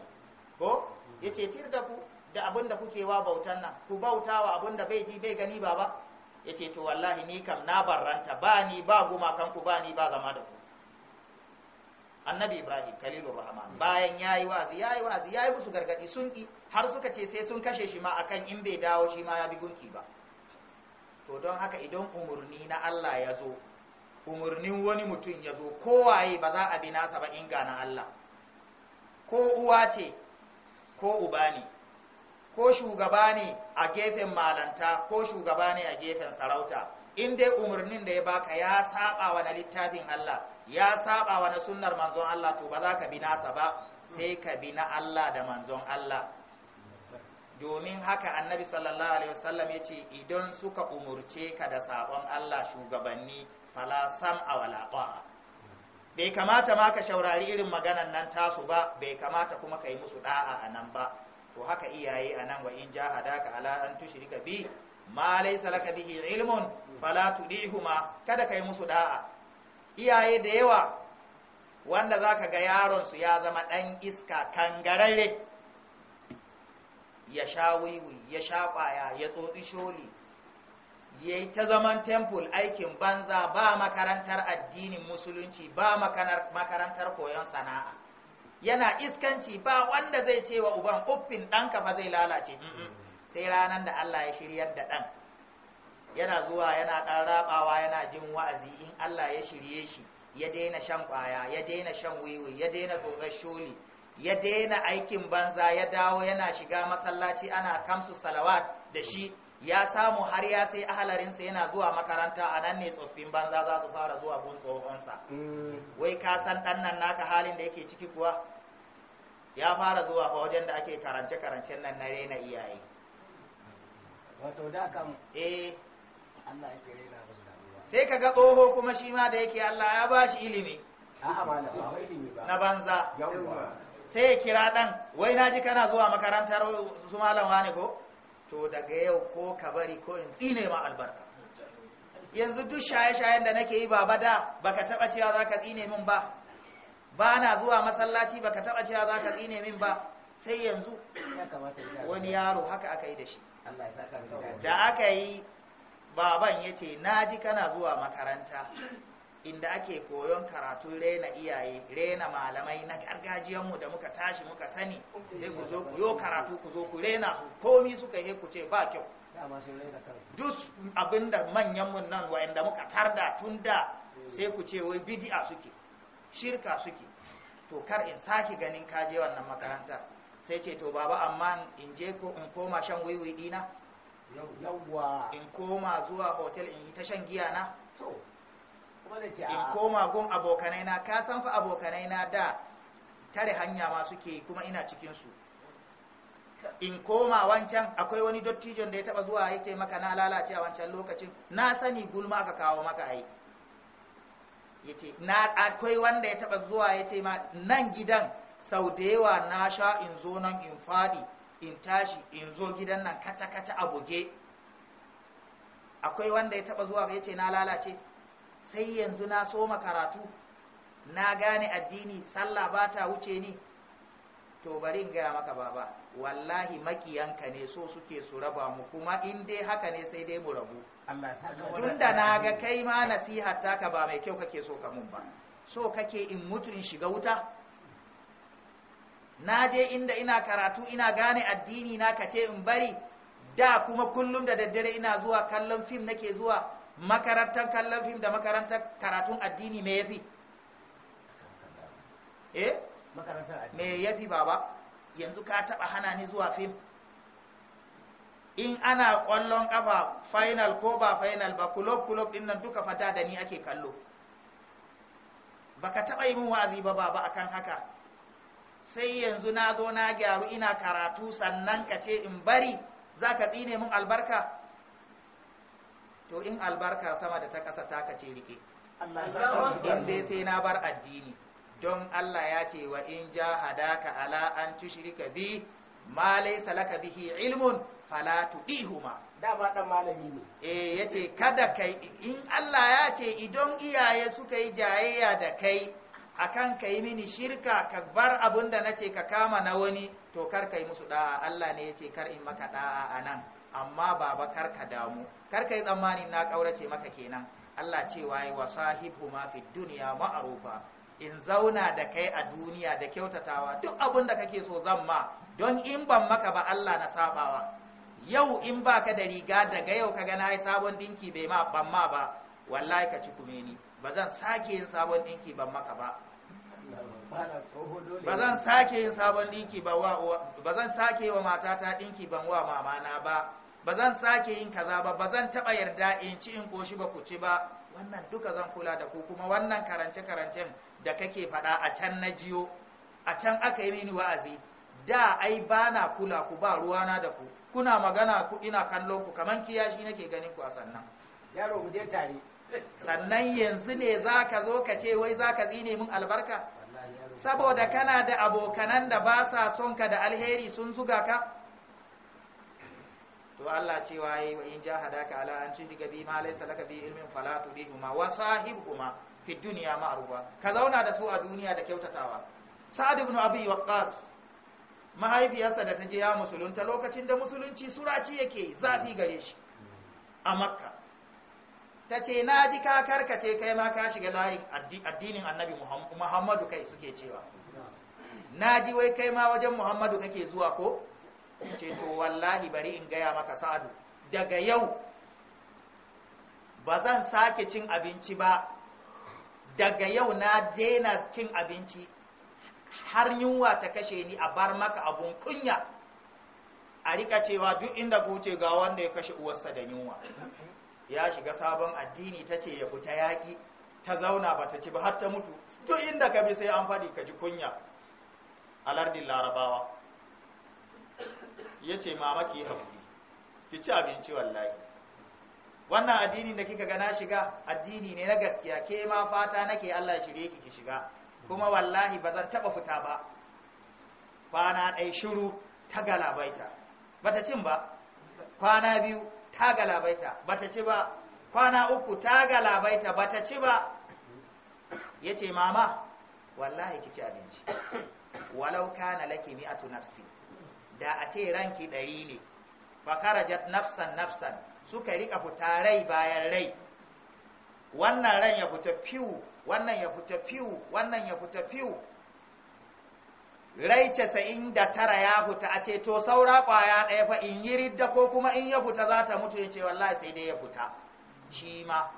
ko yace tir da ku da abin da kuke wa bautan nan ku bauta wa abin da bai ji bai gani baba yace to wallahi ni kam na barranta ba ni ba gumakan ku ba ni ba zama da ku annabi ibrahim kalilur rahman bayan yayi wa'azi yayi wa'azi yayi musu gargadi sun ki har suka ce sai sun kashe shi ma akan in bai dawo shi ma ya bi gunki ba to don haka idan umarni na Allah ya zo umarnin wani mutum ya zo kowaye ba za a bi nasa ba inga na Allah ko uwa ce ko uba ne ko shugaba ne a gefen malanta ko shugaba ne a gefen sarauta in dai umarnin da ya baka ya saba wa na littafin Allah ya saba wa na sunnar manzon Allah to ba za ka bi nasa ba sai ka bi na Allah da manzon Allah domin haka annabi sallallahu alaihi wasallam ya ce idan suka umurce ka da sabon Allah shugabanni fala sam a wala bai kamata ma ka shaurari irin maganan nan tasu ba bai kamata kuma ka yi musu da'a a nan ba to haka iyaye a nan wa in jahadaka ala an tushrika bi ma laysa laka bihi ilmun fala tudihuma kada kai musu da'a iyaye da yawa wanda zaka ga yaron su ya zama dan iska kangararre ya sha wiwi ya sha ƙwaya, ya tsotsi sholi ya yi ta zaman temple aikin banza ba makarantar addinin musulunci ba makarantar koyon sana'a yana iskanci ba wanda zai ce wa uban uffin ɗanka fa zai lalace sai ranar da Allah ya shiryar da ɗan yana zuwa yana ɗan rabawa yana jin wa'azi in Allah ya shirye shi ya daina shan ƙwaya ya daina shan wiwi ya daina tsotsar sholi ya daina aikin banza ya dawo yana shiga masallaci ana kamsu salawat da shi ya samu har ya sai ahalarinsa yana zuwa makaranta a nan ne tsoffin banza za su fara zuwa gun tsohonsa mm. wai ka san dan nan naka halin da yake ciki kuwa ya fara zuwa fa wajen da ake karance karance nan na rena iyaye eh. sai kaga ga tsoho kuma shi ma da yake Allah ya bashi ilimi a'a na banza sai ya kira ɗan wai na ji kana zuwa makarantar su malam ne ko to daga yau ko ka bari ko in tsine ma albarka yanzu duk shaye-shayen da nake yi baba da baka taba cewa za ka tsine min ba ba na zuwa masallaci baka taba cewa za ka tsine min ba sai yanzu wani yaro haka aka yi da shi da aka yi baban ya ce na ji kana zuwa makaranta inda ake koyon karatu rena iyaye rena malamai na gargajiyanmu da muka tashi muka sani ku zo ku yo karatu ku zo ku rena su komi suka yi ku ce ba kyau duk abinda manyanmu nan wa'anda muka tarda tun da sai ku ce wai bidi'a suke shirka suke to kar in sake ganin kaje wannan makarantar sai ce to baba amma in je ko in koma shan wiwi dina in koma zuwa hotel in yi ta shan giya na in koma gun abokanai na ka san fa abokanai na da tare hanya ma suke kuma ina cikin su in koma wancan akwai wani dottijon da ya taba zuwa yace maka na lalace a wancan lokacin na sani gulma aka kawo maka ai yace na akwai wanda ya taba zuwa yace ma nan gidan sau da yawa na sha in zo nan in fadi in tashi in zo gidan nan kaca kaca a buge akwai wanda ya taba zuwa yace na lalace sai yanzu na soma karatu na gane addini sallah ba ta wuce ni to bari in gaya maka baba wallahi makiyanka ne so suke su raba mu kuma in dai haka ne sai dai mu rabu tunda na ga kai ma nasihar taka ba mai kyau kake so ka ba so kake in mutu in shiga wuta na je inda ina karatu ina gane addini na kace in bari da kuma kullum da daddare ina zuwa kallon fim nake zuwa makarantar kallon fim da makarantar karatun addini mai yafi eh me yafi baba yanzu ka taba hana ni zuwa fim in ana kwallon kafa final ko ba final ba kulob kulob din nan duka fata da ni ake kallo baka taba yi min wa'azi ba baba akan haka sai yanzu na zo na gyaru ina karatu sannan ka ce in bari za ka tsine mun albarka to in albarkar sama da ta kasa ta kace rike in dai sai na bar addini don Allah ya ce wa in jahadaka ala an tushrika bi ma laysa laka bihi ilmun fala tudihuma dama dan malami ne eh yace kada kai in Allah ya ce idan iyaye suka yi jayayya da kai akan kai mini shirka ka bar abunda nace ka kama na wani to kar kai musu da'a Allah ne yace kar in maka da'a anan amma baba karka damu karka yi tsammanin na ƙaurace maka kenan Allah cewa waye wa sahibu ma fi duniya ma'arufa in zauna da kai a duniya da kyautatawa duk abin da kake so zan ma don in ban maka ba Allah na sabawa yau in ba ka da riga daga yau ka gana sabon dinki bai ma ban ma ba wallahi ka ci kume ni ba zan sake yin sabon dinki ban maka ba ba zan sake yin sabon dinki ba wa wa matata dinki ban wa mamana ba ba zan sake yin kaza ba ba zan taɓa yarda in ci in koshi ba ku ci ba wannan duka zan kula da ku kuma wannan karance-karancen da kake faɗa a can na jiyo a can aka yi mini wa'azi da ai ba na kula ku ba ruwana da ku kuna magana ku ina kallon ku kaman kiyashi nake ganin ku a sannan yaro mu je tare sannan yanzu ne za ka zo ka ce wai za ka zine min albarka saboda kana da abokanan da ba sa son ka da alheri sun zuga ka to Allah cewa yi wa in ka ala an tudika gabi ma laisa laka bi ilmin fala tudihuma wa sahibhuma fi dunya ma'rufa ka zauna da su a duniya da kyautatawa sa'ad ibn abi waqqas mahaifiyarsa da ta je ya musulunta lokacin da musulunci suraci yake zafi gare shi a makka ta ce na ji ka karkace kai ma ka shiga layin addinin annabi muhammadu kai suke cewa na ji wai kai ma wajen muhammadu kake zuwa ko ce to wallahi bari in gaya maka sa'adu daga yau ba zan sake cin abinci ba daga yau na daina cin abinci har yunwa ta kashe ni a bar maka abun kunya a rika cewa duk inda kuce ga wanda ya kashe uwarsa da yunwa ya shiga sabon addini ta ce ya fita yaƙi ta zauna ba ta ci ba har ta mutu duk inda ka bi sai an faɗi ka ji kunya a lardin larabawa ya ce mama ki haƙuri ki ci abinci wallahi wannan addini da kika gana shiga addini ne na gaskiya ke ma fata nake Allah ya shirye ki ki shiga kuma wallahi ba zan taɓa fita ba kwana ɗai shiru ta galabaita bata cin ba kwana biyu ta galabaita bata ci ba kwana uku ta galabaita bata ci ba ya ce mama wallahi ki ci abinci walau kana laki mi'atu nafsi da a ce ranki ɗari ne Fakarajat nafsan nafsan suka rika fita rai bayan rai wannan ran ya fita fiwu, wannan ya fita fiwu, wannan ya fita fiwu. rai casa'in da tara ya fita a ce to saura ƙwaya ɗaya fa in yi ridda ko kuma in ya fita za ta mutu ya ce wallahi sai dai ya fita shi ma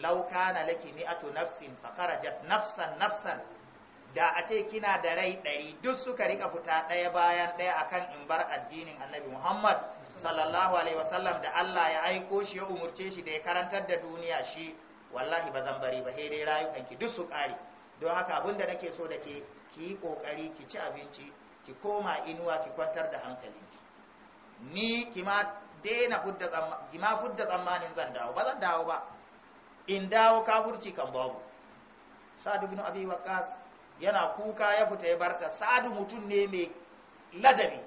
lauka na laki mi'atu nafsin fakarajat nafsan nafsan da a ce kina da rai ɗari duk suka rika fita ɗaya bayan ɗaya akan in bar addinin annabi muhammad sallallahu alaihi wasallam da allah ya aiko shi ya umurce shi da ya karantar da duniya shi wallahi ba zan bari ba sai dai rayukanki duk su ƙare don haka abin da nake so da ke ki yi ƙoƙari ki ci abinci ki koma inuwa ki kwantar da hankalinki ni ki ma daina fudda tsammanin zan dawo ba zan dawo ba in dawo kafurci kan babu sa'ad ibn abi waqas yana kuka ya fita ya barta sa'adu mutum ne mai ladabi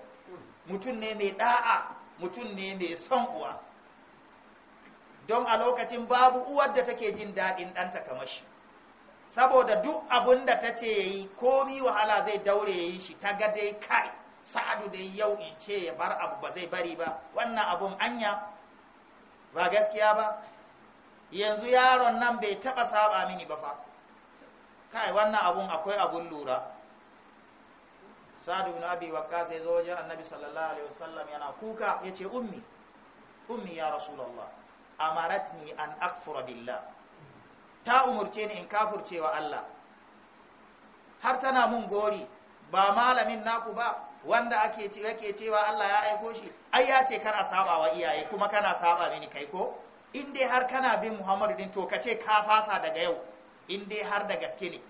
mutum ne mai da'a mutum ne mai son uwa don a lokacin babu uwar da take jin daɗin ɗanta kamar shi saboda duk abin da ta ce ya yi komi wahala zai daure ya shi ta ga dai kai sa'adu dai yau in ce ya bar abu ba zai bari ba wannan abun anya ba gaskiya ba yanzu yaron nan bai taɓa saba mini ba fa kai wannan abun akwai abun lura sa'ad ibn abi waqqas ya zo wajen annabi sallallahu alaihi wasallam yana kuka yace ummi ummi ya rasulullah amaratni an akfura billah ta umurce ni in kafurce wa Allah har tana mun gori ba malamin naku ba wanda ake ce yake cewa Allah ya aiko shi ai ya ce kana saba wa iyaye kuma kana saba mini kai ko in dai har kana bin Muhammadu din to kace ka fasa daga yau in dai har da gaske ne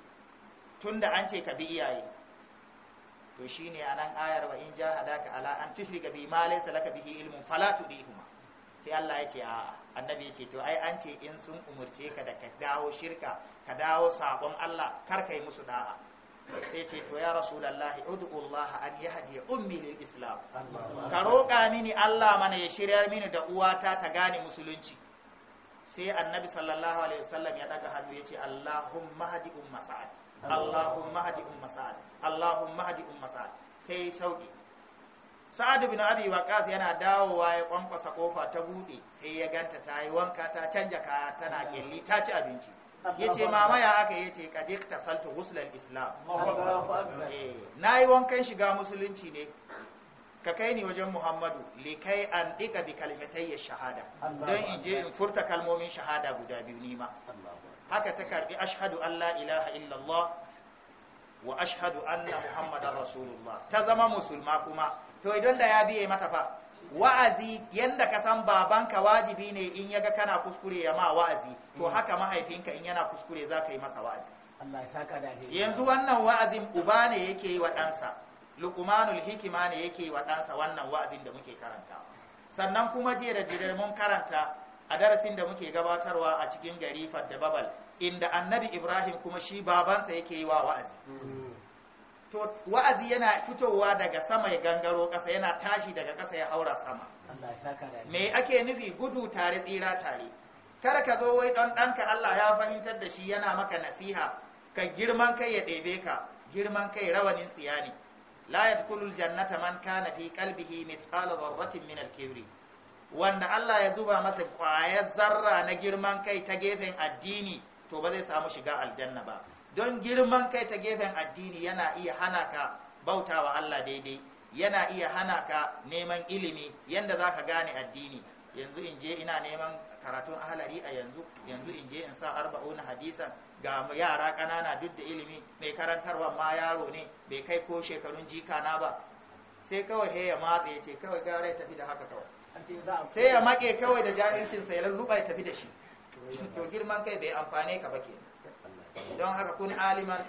tun da an ce ka bi iyaye to shine anan ayar wa in hadaka ala an ka bi ma salaka bihi ilmin falatu bi huma sai Allah ya ce a annabi ya ce to ai an ce in sun umurce ka da ka dawo shirka ka dawo sabon Allah kar kai musu da'a sai ce to ya rasulullahi ud'u Allah an yahdi ummi lil islam ka roƙa mini Allah mana ya shiryar mini da uwata ta gane musulunci sai annabi sallallahu alaihi wasallam ya daga hannu yace Allahumma hadi umma sa'ad Allahumma hadi umma sa'ad Allahumma hadi umma sa'ad sai shauki sa'ad bin abi waqas yana dawowa ya kwankwasa kofa ta bude sai ya ganta ta yi wanka ta canja kaya tana kelli ta ci abinci yace mama ya aka yace kaje ta saltu ghuslal islam eh, na yi wankan shiga musulunci ne ka kai ni wajen muhammadu likai an dika bi ya shahada don in je in furta kalmomin shahada guda biyu nima haka ta karbi ashhadu an la ilaha illallah wa ashhadu anna muhammadar rasulullah ta zama musulma kuma to idan da ya biye mata fa wa'azi yanda ka san babanka wajibi ne in yaga kana kuskure ya ma wa'azi to mm. haka mahaifinka in yana kuskure za ka yi masa wa'azi yanzu wannan wa'azin uba ne yake yi wa ɗansa lukumanul hikima ne yake wa ɗansa wannan wa'azin da muke karanta sannan kuma jiya da jirar mun karanta a darasin da muke gabatarwa a cikin gari da babal inda annabi ibrahim kuma shi babansa yake yi wa wa'azi to wa'azi yana fitowa daga sama ya gangaro ƙasa yana tashi daga ƙasa ya haura sama me ake nufi gudu tare tsira tare kada ka zo wai don ɗanka allah ya fahimtar da shi yana maka nasiha ka girman kai ya ɗebe ka girman kai rawanin tsiya ne la yadkhulul jannata man kana fi qalbihi mithqala dharratin min al wanda Allah ya zuba masa kwayar zarra na girman kai ta gefen addini to ba zai samu shiga aljanna ba don girman kai ta gefen addini yana iya hana ka bautawa Allah daidai yana iya hana ka neman ilimi yanda ka gane addini yanzu in je ina neman karatun ahalari a yanzu yanzu in je in sa arba'una hadisan ga yara ƙanana duk da ilimi mai karantarwa ma yaro ne bai kai ko shekarun jikana ba sai kawai he ya matse ya ce kawai gara ya tafi da haka kawai sai ya make kawai da jahilcin sai lalluba ya tafi da shi to girman kai bai amfane ka ba ke don haka kun aliman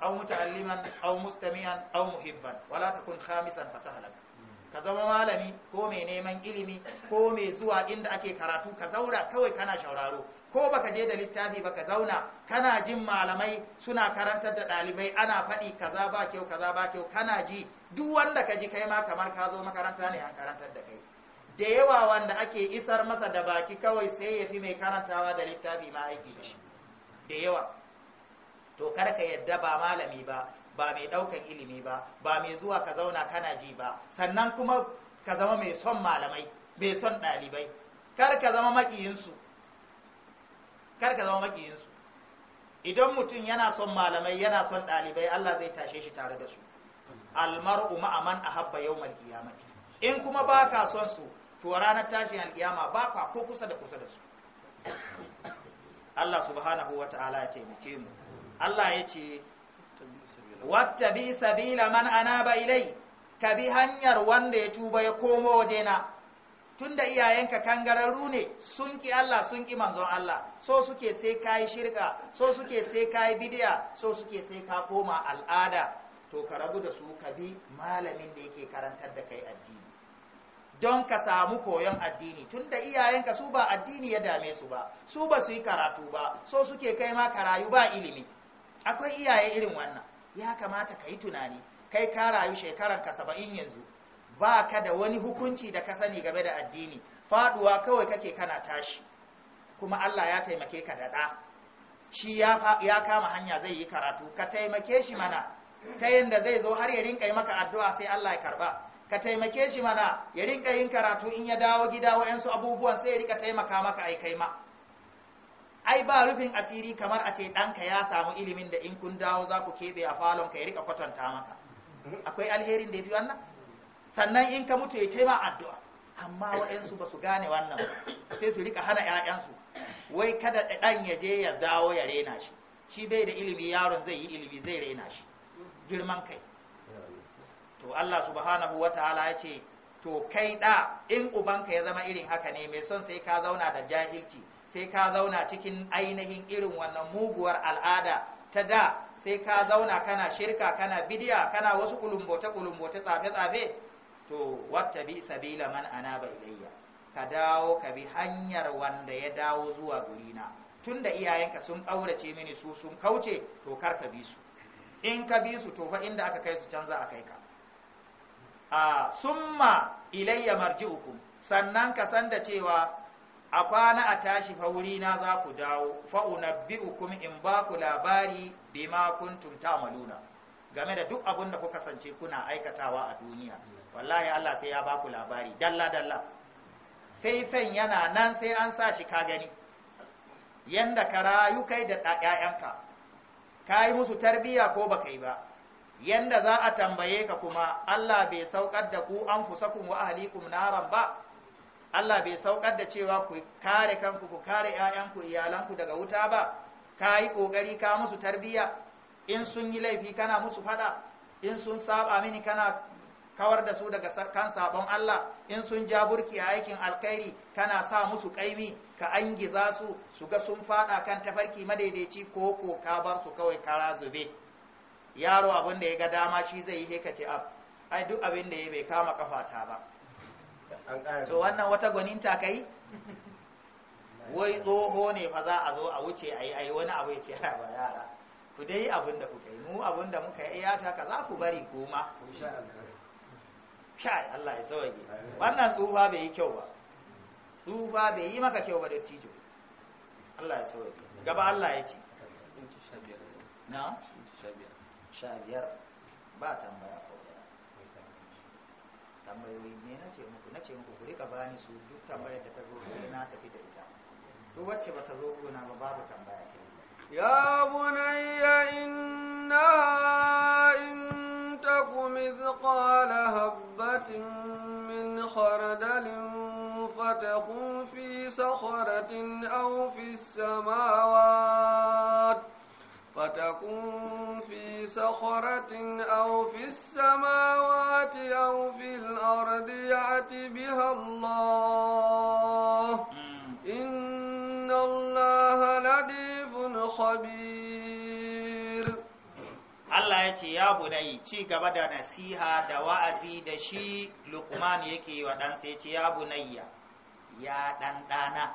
au muta'alliman au mustami'an au muhibban wala takun khamisan fatahalaka ka zama malami ko mai neman ilimi ko mai zuwa inda ake karatu ka zaura kawai kana shauraro ko baka je da littafi baka zauna kana jin malamai suna karantar da dalibai ana faɗi kaza ba kyau kaza ba kyau kana ji duk wanda ka ji kai ma kamar ka zo makaranta ne an karantar da kai da yawa wanda ake isar masa da baki kawai sai ya fi mai karantawa da littafi ma aiki da yawa to kar ka yadda ba malami ba ba mai ɗaukan ilimi ba ba mai zuwa ka zauna kana ji ba sannan kuma ka zama mai son malamai mai son ɗalibai kar ka zama makiyinsu kar ka zama makiyinsu idan mutum yana son malamai yana son ɗalibai Allah zai tashe shi tare da su almar'u ma'a man ahabba yawmal qiyamati in kuma baka son su to ranar tashin alkiyama baka ko kusa da kusa da su Allah subhanahu wa ta'ala ya taimake mu Allah ya ce wattabi sabila man anaba ilai ka bi hanyar wanda ya tuba ya komo wajena tunda iyayenka kangararru ne sun ki Allah sun ki manzon Allah so suke sai kai shirka so suke sai kai bidiya, so suke sai ka koma al'ada to ka rabu da su ka bi malamin da yake karantar da kai addini don ka samu koyon addini tunda iyayenka su ba addini ya dame su ba su ba su yi karatu ba so suke kai ma karayu ba ilimi akwai iyaye irin wannan ya kamata ka yi tunani kai ka rayu shekaran ka saba'in yanzu ba ka da wani hukunci da ka sani game da addini faduwa kawai kake kana tashi kuma Allah ya taimake ka daɗa. shi ya kama hanya zai yi karatu ka taimake shi mana ta yadda zai zo har ya rinka yi maka addu'a sai Allah ya karba ka taimake shi mana ya rinka yin karatu in ya dawo gida wa'yansu abubuwan sai ya rika taimaka maka ai kai ma ai ba rufin asiri kamar a ce ɗanka ya samu ilimin da in kun dawo za ku keɓe a falon ka ya rika kwatanta maka akwai alherin da ya fi wannan sannan in ka mutu ya ce ma addu'a amma wa'yansu ba su gane wannan sai su rika hana 'ya'yansu wai kada ɗan ya je ya dawo ya rena shi shi bai da ilimi yaron zai yi ilimi zai rena shi girman kai to Allah subhanahu ta'ala ya ce to kai da in ubanka ya zama irin haka ne mai son sai ka zauna da jahilci sai ka zauna cikin ainihin irin wannan muguwar al'ada ta da sai ka zauna kana shirka kana bidiya kana wasu kulumbote kulumbote tsafe tsafe to wata bi sabila man anaba ilayya ka dawo ka bi hanyar wanda ya dawo zuwa gurina tunda iyayenka sun ƙaurace mini su sun kauce to kar ka bi su in ka bi su to fa inda aka kai su canza a kai ka a summa ilayya marji'ukum sannan ka san da cewa a kwana a tashi fauri na za ku dawo fa'unabbi'ukum in ba ku labari ma kuntum ta'maluna game da duk abin da kuka kasance kuna aikatawa a duniya wallahi Allah sai ya ba ku labari dalla dalla faifen yana nan sai an sa shi ka gani yanda ka rayu kai da 'ya'yanka, ka yi musu tarbiyya ko ba kai ba yanda za a tambaye ka kuma Allah bai saukar da ku an kusa kun wa ahlikum naran ba Allah bai saukar da cewa ku kare kanku ku kare ƴaƴanku iyalanku daga wuta ba ka yi ka musu tarbiyya in sun yi laifi kana musu faɗa in sun saba mini kana kawar da su daga kan sabon Allah in sun ja burki a aikin alkhairi kana sa musu kaimi ka angiza su su ga sun fada kan tafarki madaidaici ko ko ka bar su kawai kara zube yaro abin da ya ga dama shi zai yi hekace ab ai duk abin da ya bai kama kafata ba to wannan wata gwaninta kai wai tsoho ne fa za a zo a wuce a yi a yi wani abu ya ce ba yara ku dai abin da kuka yi mu abin da muka yi ya ka za ku bari kuma Sha Allah ya sauke wannan tsufa bai yi kyau ba tsufa bai yi maka kyau ba da tijo Allah ya sauke gaba Allah ya ce na sha biyar ba tambaya ko tambayoyi ne na ce muku na ce muku ku rika bani su duk tambayar da ta zo na tafi da ita duk wacce ba ta zo gona ba babu tambaya ya bunayya innaha in takum mithqala habbatin min khardalin fatakun fi sakhratin aw fi samawati فتكون في صخرة أو في السماوات أو في الأرض يعت بها الله إن الله لطيف خبير Allah ya ce, Ya bunayi, ci gaba da nasiha da wa'azi da shi Lukman yake yi wa ɗansa ya ce, Ya ya ɗanɗana,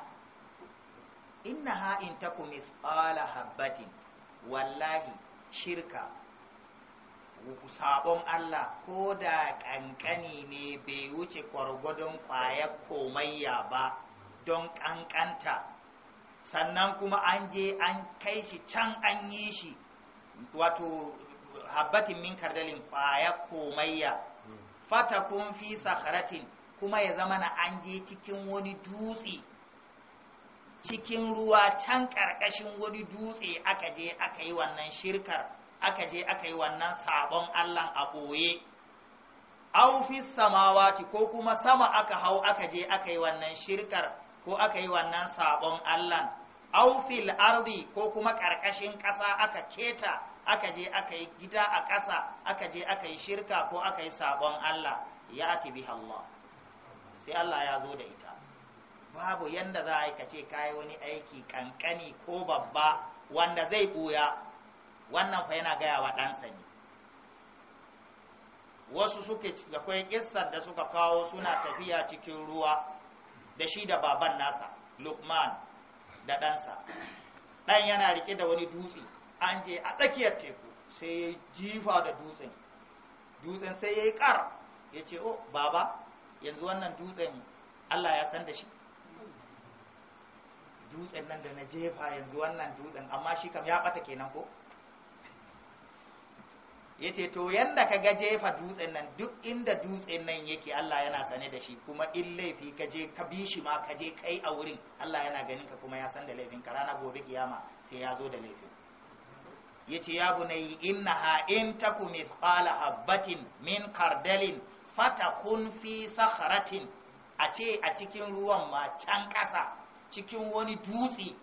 inna ha'in taku mithqala wallahi shirka sabon Allah ko da ƙanƙani ne bai wuce ƙwargwadon ƙwayar komayya ba don ƙanƙanta sannan kuma an je an kai shi can an yi shi wato habbatin min kardalin ƙwayar komayya hmm. kun fi sakharatin kuma ya zama na an je cikin wani dutse cikin ruwa can ƙarƙashin wani dutse aka je aka yi wannan shirkar aka je aka yi wannan sabon allah a ɓoye aufis samawati ko kuma sama aka hau aka je aka yi wannan shirkar ko aka yi wannan sabon allah aufil ardi ko kuma ƙarƙashin ƙasa aka keta aka je aka yi gida a ƙasa aka je aka yi shirka ko aka yi sabon allah ya biha Allah sai Allah ya zo da ita babu yanda za a aikace kace kayi wani aiki kankani ko babba wanda zai buya wannan fa yana gaya wa ɗansa ne wasu suke akwai kissar da suka kawo suna tafiya cikin ruwa da shi da baban nasa lukman da ɗansa ɗan yana rike da wani dutse an je a tsakiyar teku sai ya jifa da dutsen dutsen sai ya yi ƙar ya ce o oh, baba yanzu wannan dutsen allah ya san da shi dutsen nan da na jefa yanzu wannan dutsen amma shi kam ya bata kenan ko yace to yanda ka ga jefa dutsen nan duk inda dutsen nan yake Allah yana sane da shi kuma in laifi ka je ka bi shi ma ka je kai a wurin Allah yana ganin ka kuma ya san da laifin ka rana gobe kiyama sai ya zo da laifin ya ce ya bunayi innaha in taku mithqala habatin min kardalin fatakun fi sakharatin a ce a cikin ruwan ma can ƙasa cikin wani dutse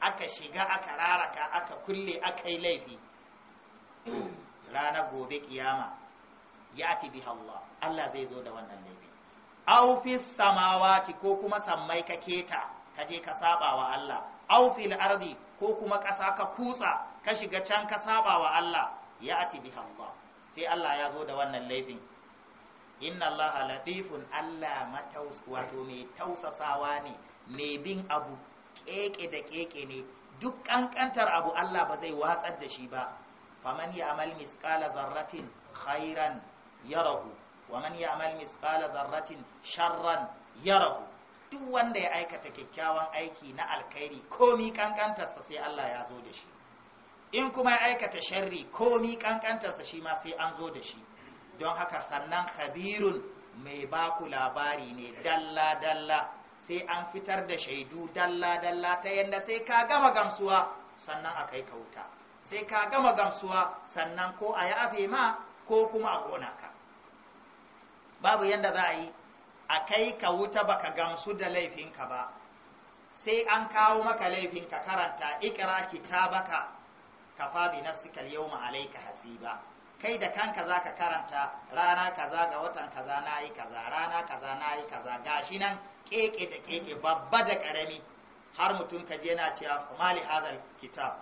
aka shiga aka raraka aka kulle aka yi laifi ranar gobe kiyama ya ati bi Allah Allah zai zo da wannan laifi aw samawati ko kuma sammai ka keta ka je ka saba wa Allah aw ko kuma ƙasa ka kutsa ka shiga can ka saba wa Allah ya ati bi Allah sai Allah ya zo da wannan laifi inna Allah latifun Allah wato mai tausasawa ne mai bin abu keke da keke ne duk kankantar abu Allah ba zai watsar da shi ba faman ya'mal misqala zarratin khairan yarahu waman ya'mal misqala zarratin sharran yarahu duk wanda ya aikata kyakkyawan aiki na alkhairi komi kankantarsa sai Allah ya zo da shi in kuma ya aikata sharri komi kankantarsa shi ma sai an zo da shi don haka sannan khabirun mai baku labari ne dalla dalla sai an fitar da shaidu dalla-dalla ta yadda sai ka gama gamsuwa sannan a kai kauta sai ka gama gamsuwa sannan ko a yafe ma ko kuma a gona ka babu yadda za a yi a kai ka wuta ka gamsu da laifinka ba sai an kawo maka laifinka karanta ikira kitabaka kafa bi nafsika al-yawma alaika hasiba kai da kanka za ka karanta rana kaza ga watan kaza na yi kaza rana kaza na yi kaza gashi nan keke da keke babba da karami har mutum ka je yana cewa mali hadal kitab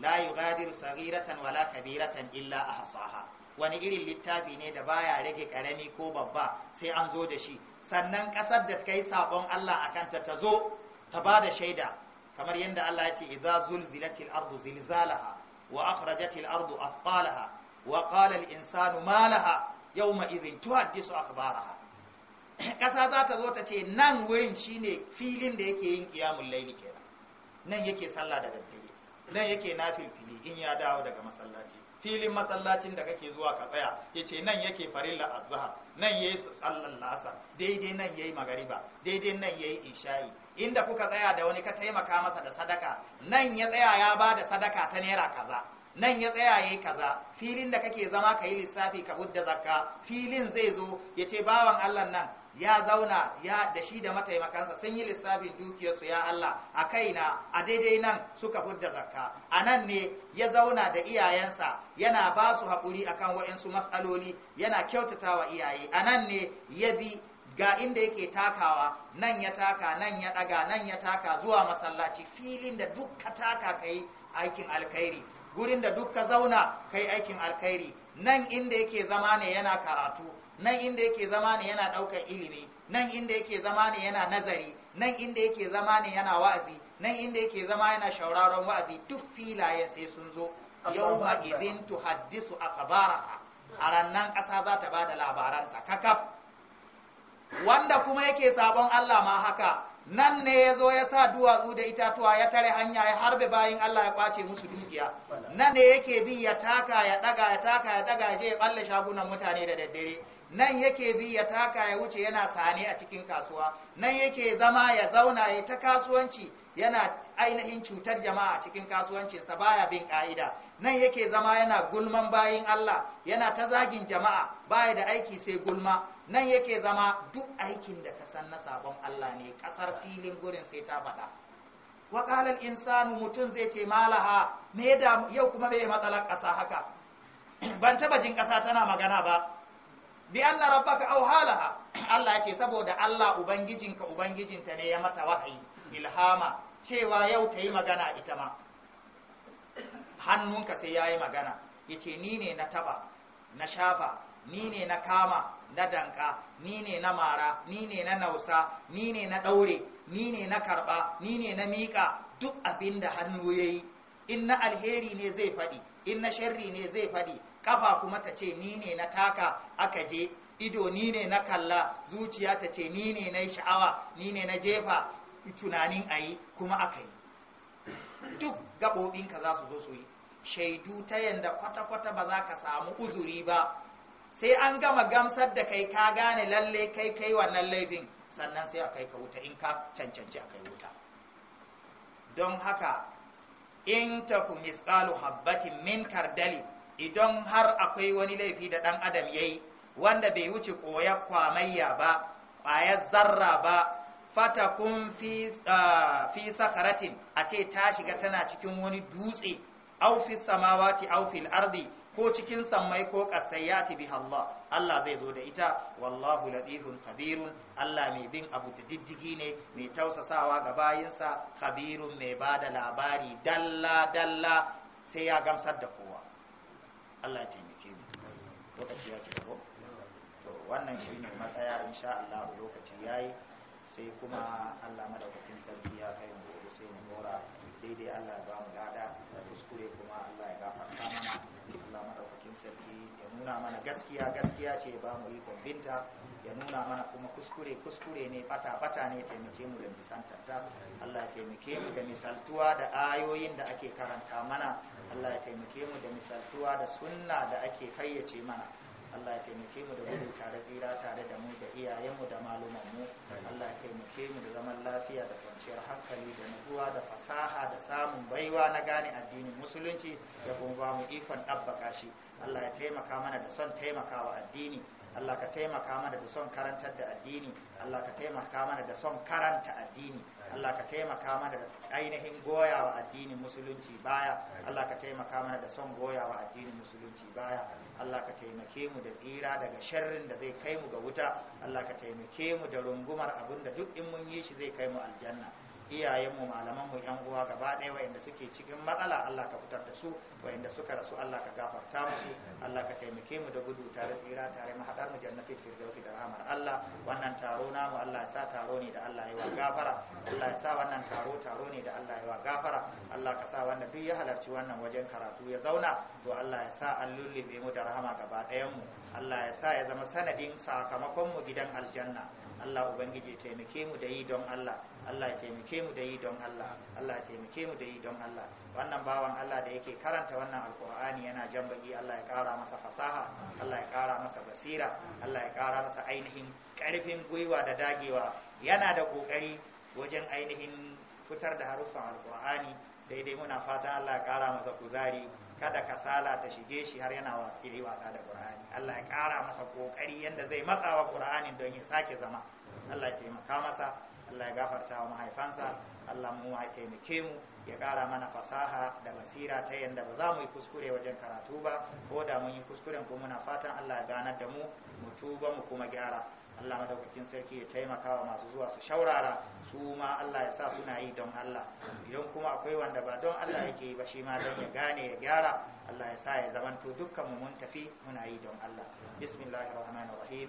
la yughadiru saghiratan wala kabiratan illa ahsaha wani irin littafi ne da baya rage karami ko babba sai an zo da shi sannan kasar da kai sabon Allah akan ta ta zo ta ba da shaida kamar yadda Allah ya ce idza zulzilatil ardu zilzalaha wa akhrajatil ardu athqalaha wa qala al-insanu ma laha yawma idhin tuhaddisu akhbaraha kasa za ta zo ta ce nan wurin shine filin da yake yin qiyamul layli kenan nan yake sallah da daddare nan yake nafilfili in ya dawo daga masallaci filin masallacin da kake zuwa ka tsaya yace ce nan yake farilla azhar nan yayi tsallan lasa daidai nan yayi magariba daidai nan yayi isha'i inda kuka tsaya da wani ka taimaka masa da sadaka nan ya tsaya ya ba da sadaka ta naira kaza nan ya tsaya yi kaza filin da kake zama kayi lissafi ka budda zakka filin zai zo ya ce bawan Allah nan ya zauna ya da shi da mataimakansa sun yi lissafin dukiyarsu ya Allah a kaina a daidai nan suka budda zakka a nan ne ya zauna da iyayensa yana ba su haƙuri akan waɗansu matsaloli yana kyautata wa iyaye a nan ne ya bi ga inda yake takawa nan ya taka nan ya ɗaga nan ya taka zuwa masallaci filin da duk ka taka ka yi aikin alkhairi gurin da duk ka zauna kai aikin alkhairi nan inda yake zama ne yana karatu nan inda yake zama ne yana ɗaukar ilimi nan inda yake zama ne yana nazari nan inda yake zama ne yana wa'azi nan inda yake zama yana shauraron wa'azi duk filaye sai sun zo yau ma idin tuhaddisu akhbaraha a rannan ƙasa za ta ba da labaranta kakaf wanda kuma yake sabon Allah ma haka nan ne ya zo ya sa duwatsu da itatuwa ya tare hanya ya harbe bayan Allah ya kwace musu dukiya nan ne yake bi ya taka ya daga ya taka ya daga je ya balle shagunan mutane da daddare nan yake bi ya taka ya wuce yana sane a cikin kasuwa nan yake zama ya zauna ya ta kasuwanci yana ainihin cutar jama'a a cikin kasuwancinsa baya bin ka'ida nan yake zama yana gulman bayin Allah yana ta zagin jama'a baya da aiki sai gulma nan yake zama duk aikin da ka san na sabon Allah ne kasar filin gurin sai ta faɗa wa al insanu mutun zai ce malaha me da yau kuma me matsalar kasa haka ban taba jin kasa tana magana ba bi anna rabbaka aw halaha Allah ya ce saboda Allah ubangijinka ubangijinta ne ya mata wahayi ilhama cewa yau ta yi magana ita ma hannunka sai ya yi magana ya ce ni ne na taba na shafa ni ne na kama na danka ni ne na mara ni ne na nausa ni ne na daure ni ne na karba ni ne na miƙa duk abin da hannu ya yi in na alheri ne zai faɗi in na sharri ne zai faɗi kafa kuma ta ce ni ne na taka aka je ido ni ne na kalla zuciya ta ce ni ne na sha'awa ni ne na jefa tunanin a yi kuma aka yi duk gaɓoɓinka za su zo su yi shaidu ta yanda kwata-kwata ba za ka samu uzuri ba sai an gama gamsar da kai ka gane lalle kai kai wannan laifin sannan sai a kai ka wuta in ka cancanci a kai wuta don haka in ta ku misalu habbatin min kardali idan har akwai wani laifi da dan adam yayi wanda bai wuce koya kwamayya ba ƙwayar zarra ba fata fi fi sakaratin a ce ta shiga tana cikin wani dutse au fi samawati au fil ardi ko cikin sammai ko kasai ya tibi Allah Allah zai zo da ita wallahu latifun khabirun Allah mai bin abu da diddigi ne mai tausasawa ga bayinsa khabirun mai ba da labari dalla dalla sai ya gamsar da kowa Allah ya taimake mu lokaci ya ci gaba to wannan shine matsaya insha Allah lokaci yayi sai kuma Allah madaukakin sarki ya kai mu sai mu mora. daidai Allah ya ba mu lada da kuskure kuma Allah ya gafarta mana Allah madaukakin sarki ya nuna mana gaskiya gaskiya ce ba mu yi binta ya nuna mana kuma kuskure kuskure ne bata bata ne taimake mu da misantanta Allah ya taimake mu da misaltuwa da ayoyin da ake karanta mana Allah ya taimake mu da misaltuwa da sunna da ake fayyace mana Allah ya taimake mu da gudu tare tsira tare da mu da mu da mu. Allah ya taimake mu da zaman lafiya da kwanciyar hankali da nutsuwa da fasaha da samun baiwa na gane addinin musulunci da kuma ba mu ikon ɗabbaka shi Allah ya taimaka mana da son taimakawa addini Allah ka taimaka mana da son karantar da addini Allah ka taimaka mana da son karanta addini Allah ka taimaka mana da ainihin goyawa addinin musulunci baya Allah ka taimaka mana da son goyawa addinin musulunci baya Allah ka taimake mu da tsira daga sharrin da zai kai mu ga wuta Allah ka taimake mu da rungumar abin da duk in mun yi shi zai kai mu aljanna iyayenmu malamanmu yan uwa gaba ɗaya wa'inda suke cikin matsala Allah ka fitar da su wa'inda suka rasu Allah ka gafarta musu Allah ka taimake mu da gudu tare tsira tare mahaɗar mu jannatin firdausi da rahmar Allah wannan taro namu Allah ya sa taro ne da Allah ya wa gafara Allah ya sa wannan taro taro ne da Allah ya wa gafara Allah ka sa wanda duk ya halarci wannan wajen karatu ya zauna to Allah ya sa an lullube mu da rahama gaba ɗayan mu Allah ya sa ya zama sanadin sakamakon mu gidan aljanna Allah ubangiji taimake mu da yi don Allah Allah taimake mu da yi don Allah Allah taimake mu da yi don Allah wannan bawan Allah da yake karanta wannan alkur'ani yana jan baki Allah ya kara masa fasaha Allah ya ƙara masa basira Allah ya kara masa ainihin ƙarfin gwiwa da dagewa yana da ƙoƙari wajen ainihin fitar da haruffan alkur'ani daidai muna fatan Allah ya kara masa kuzari kada ka sala ta shige shi har yana wasiri wasa da qur'ani Allah ya kara masa kokari yanda zai matsawa qur'anin don ya sake zama Allah ya taimaka masa Allah ya gafarta wa mahaifansa Allah mu ya taimake mu ya ƙara mana fasaha da basira ta yanda ba za mu yi kuskure wajen karatu ba ko da mun yi kuskuren ko muna fatan Allah ya ganar da mu mu tuba mu kuma gyara Allah madaukakin sarki ya taimaka wa masu zuwa su shaurara su ma Allah ya sa suna yi don Allah idan kuma akwai wanda ba don Allah yake yi ba shi ma don ya gane ya gyara Allah ya sa ya zamanto dukkan mu mun tafi muna yi don Allah bismillahir rahmanir rahim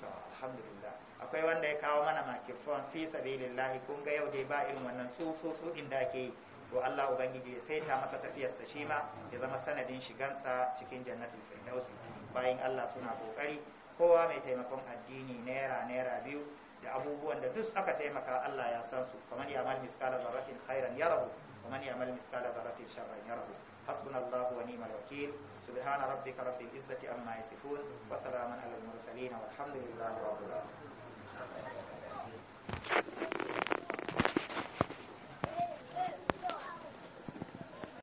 to alhamdulillah akwai wanda ya kawo mana microphone fi sabilillah kun ga yau dai ba irin wannan su din da ake yi to Allah ubangiji ya saita masa tafiyarsa shi ma ya zama sanadin shigansa cikin jannatin firdausi bayan Allah suna ƙoƙari kowa mai taimakon addini naira naira biyu da abubuwan da duk aka taimaka Allah ya san su kamar ya mal miskala zarratin khairan yarahu kamar ya mal miskala zarratin sharran yarahu hasbunallahu wa ni'mal wakil subhana rabbika rabbil izzati amma yasifun wa salamun alal mursalin walhamdulillahi rabbil alamin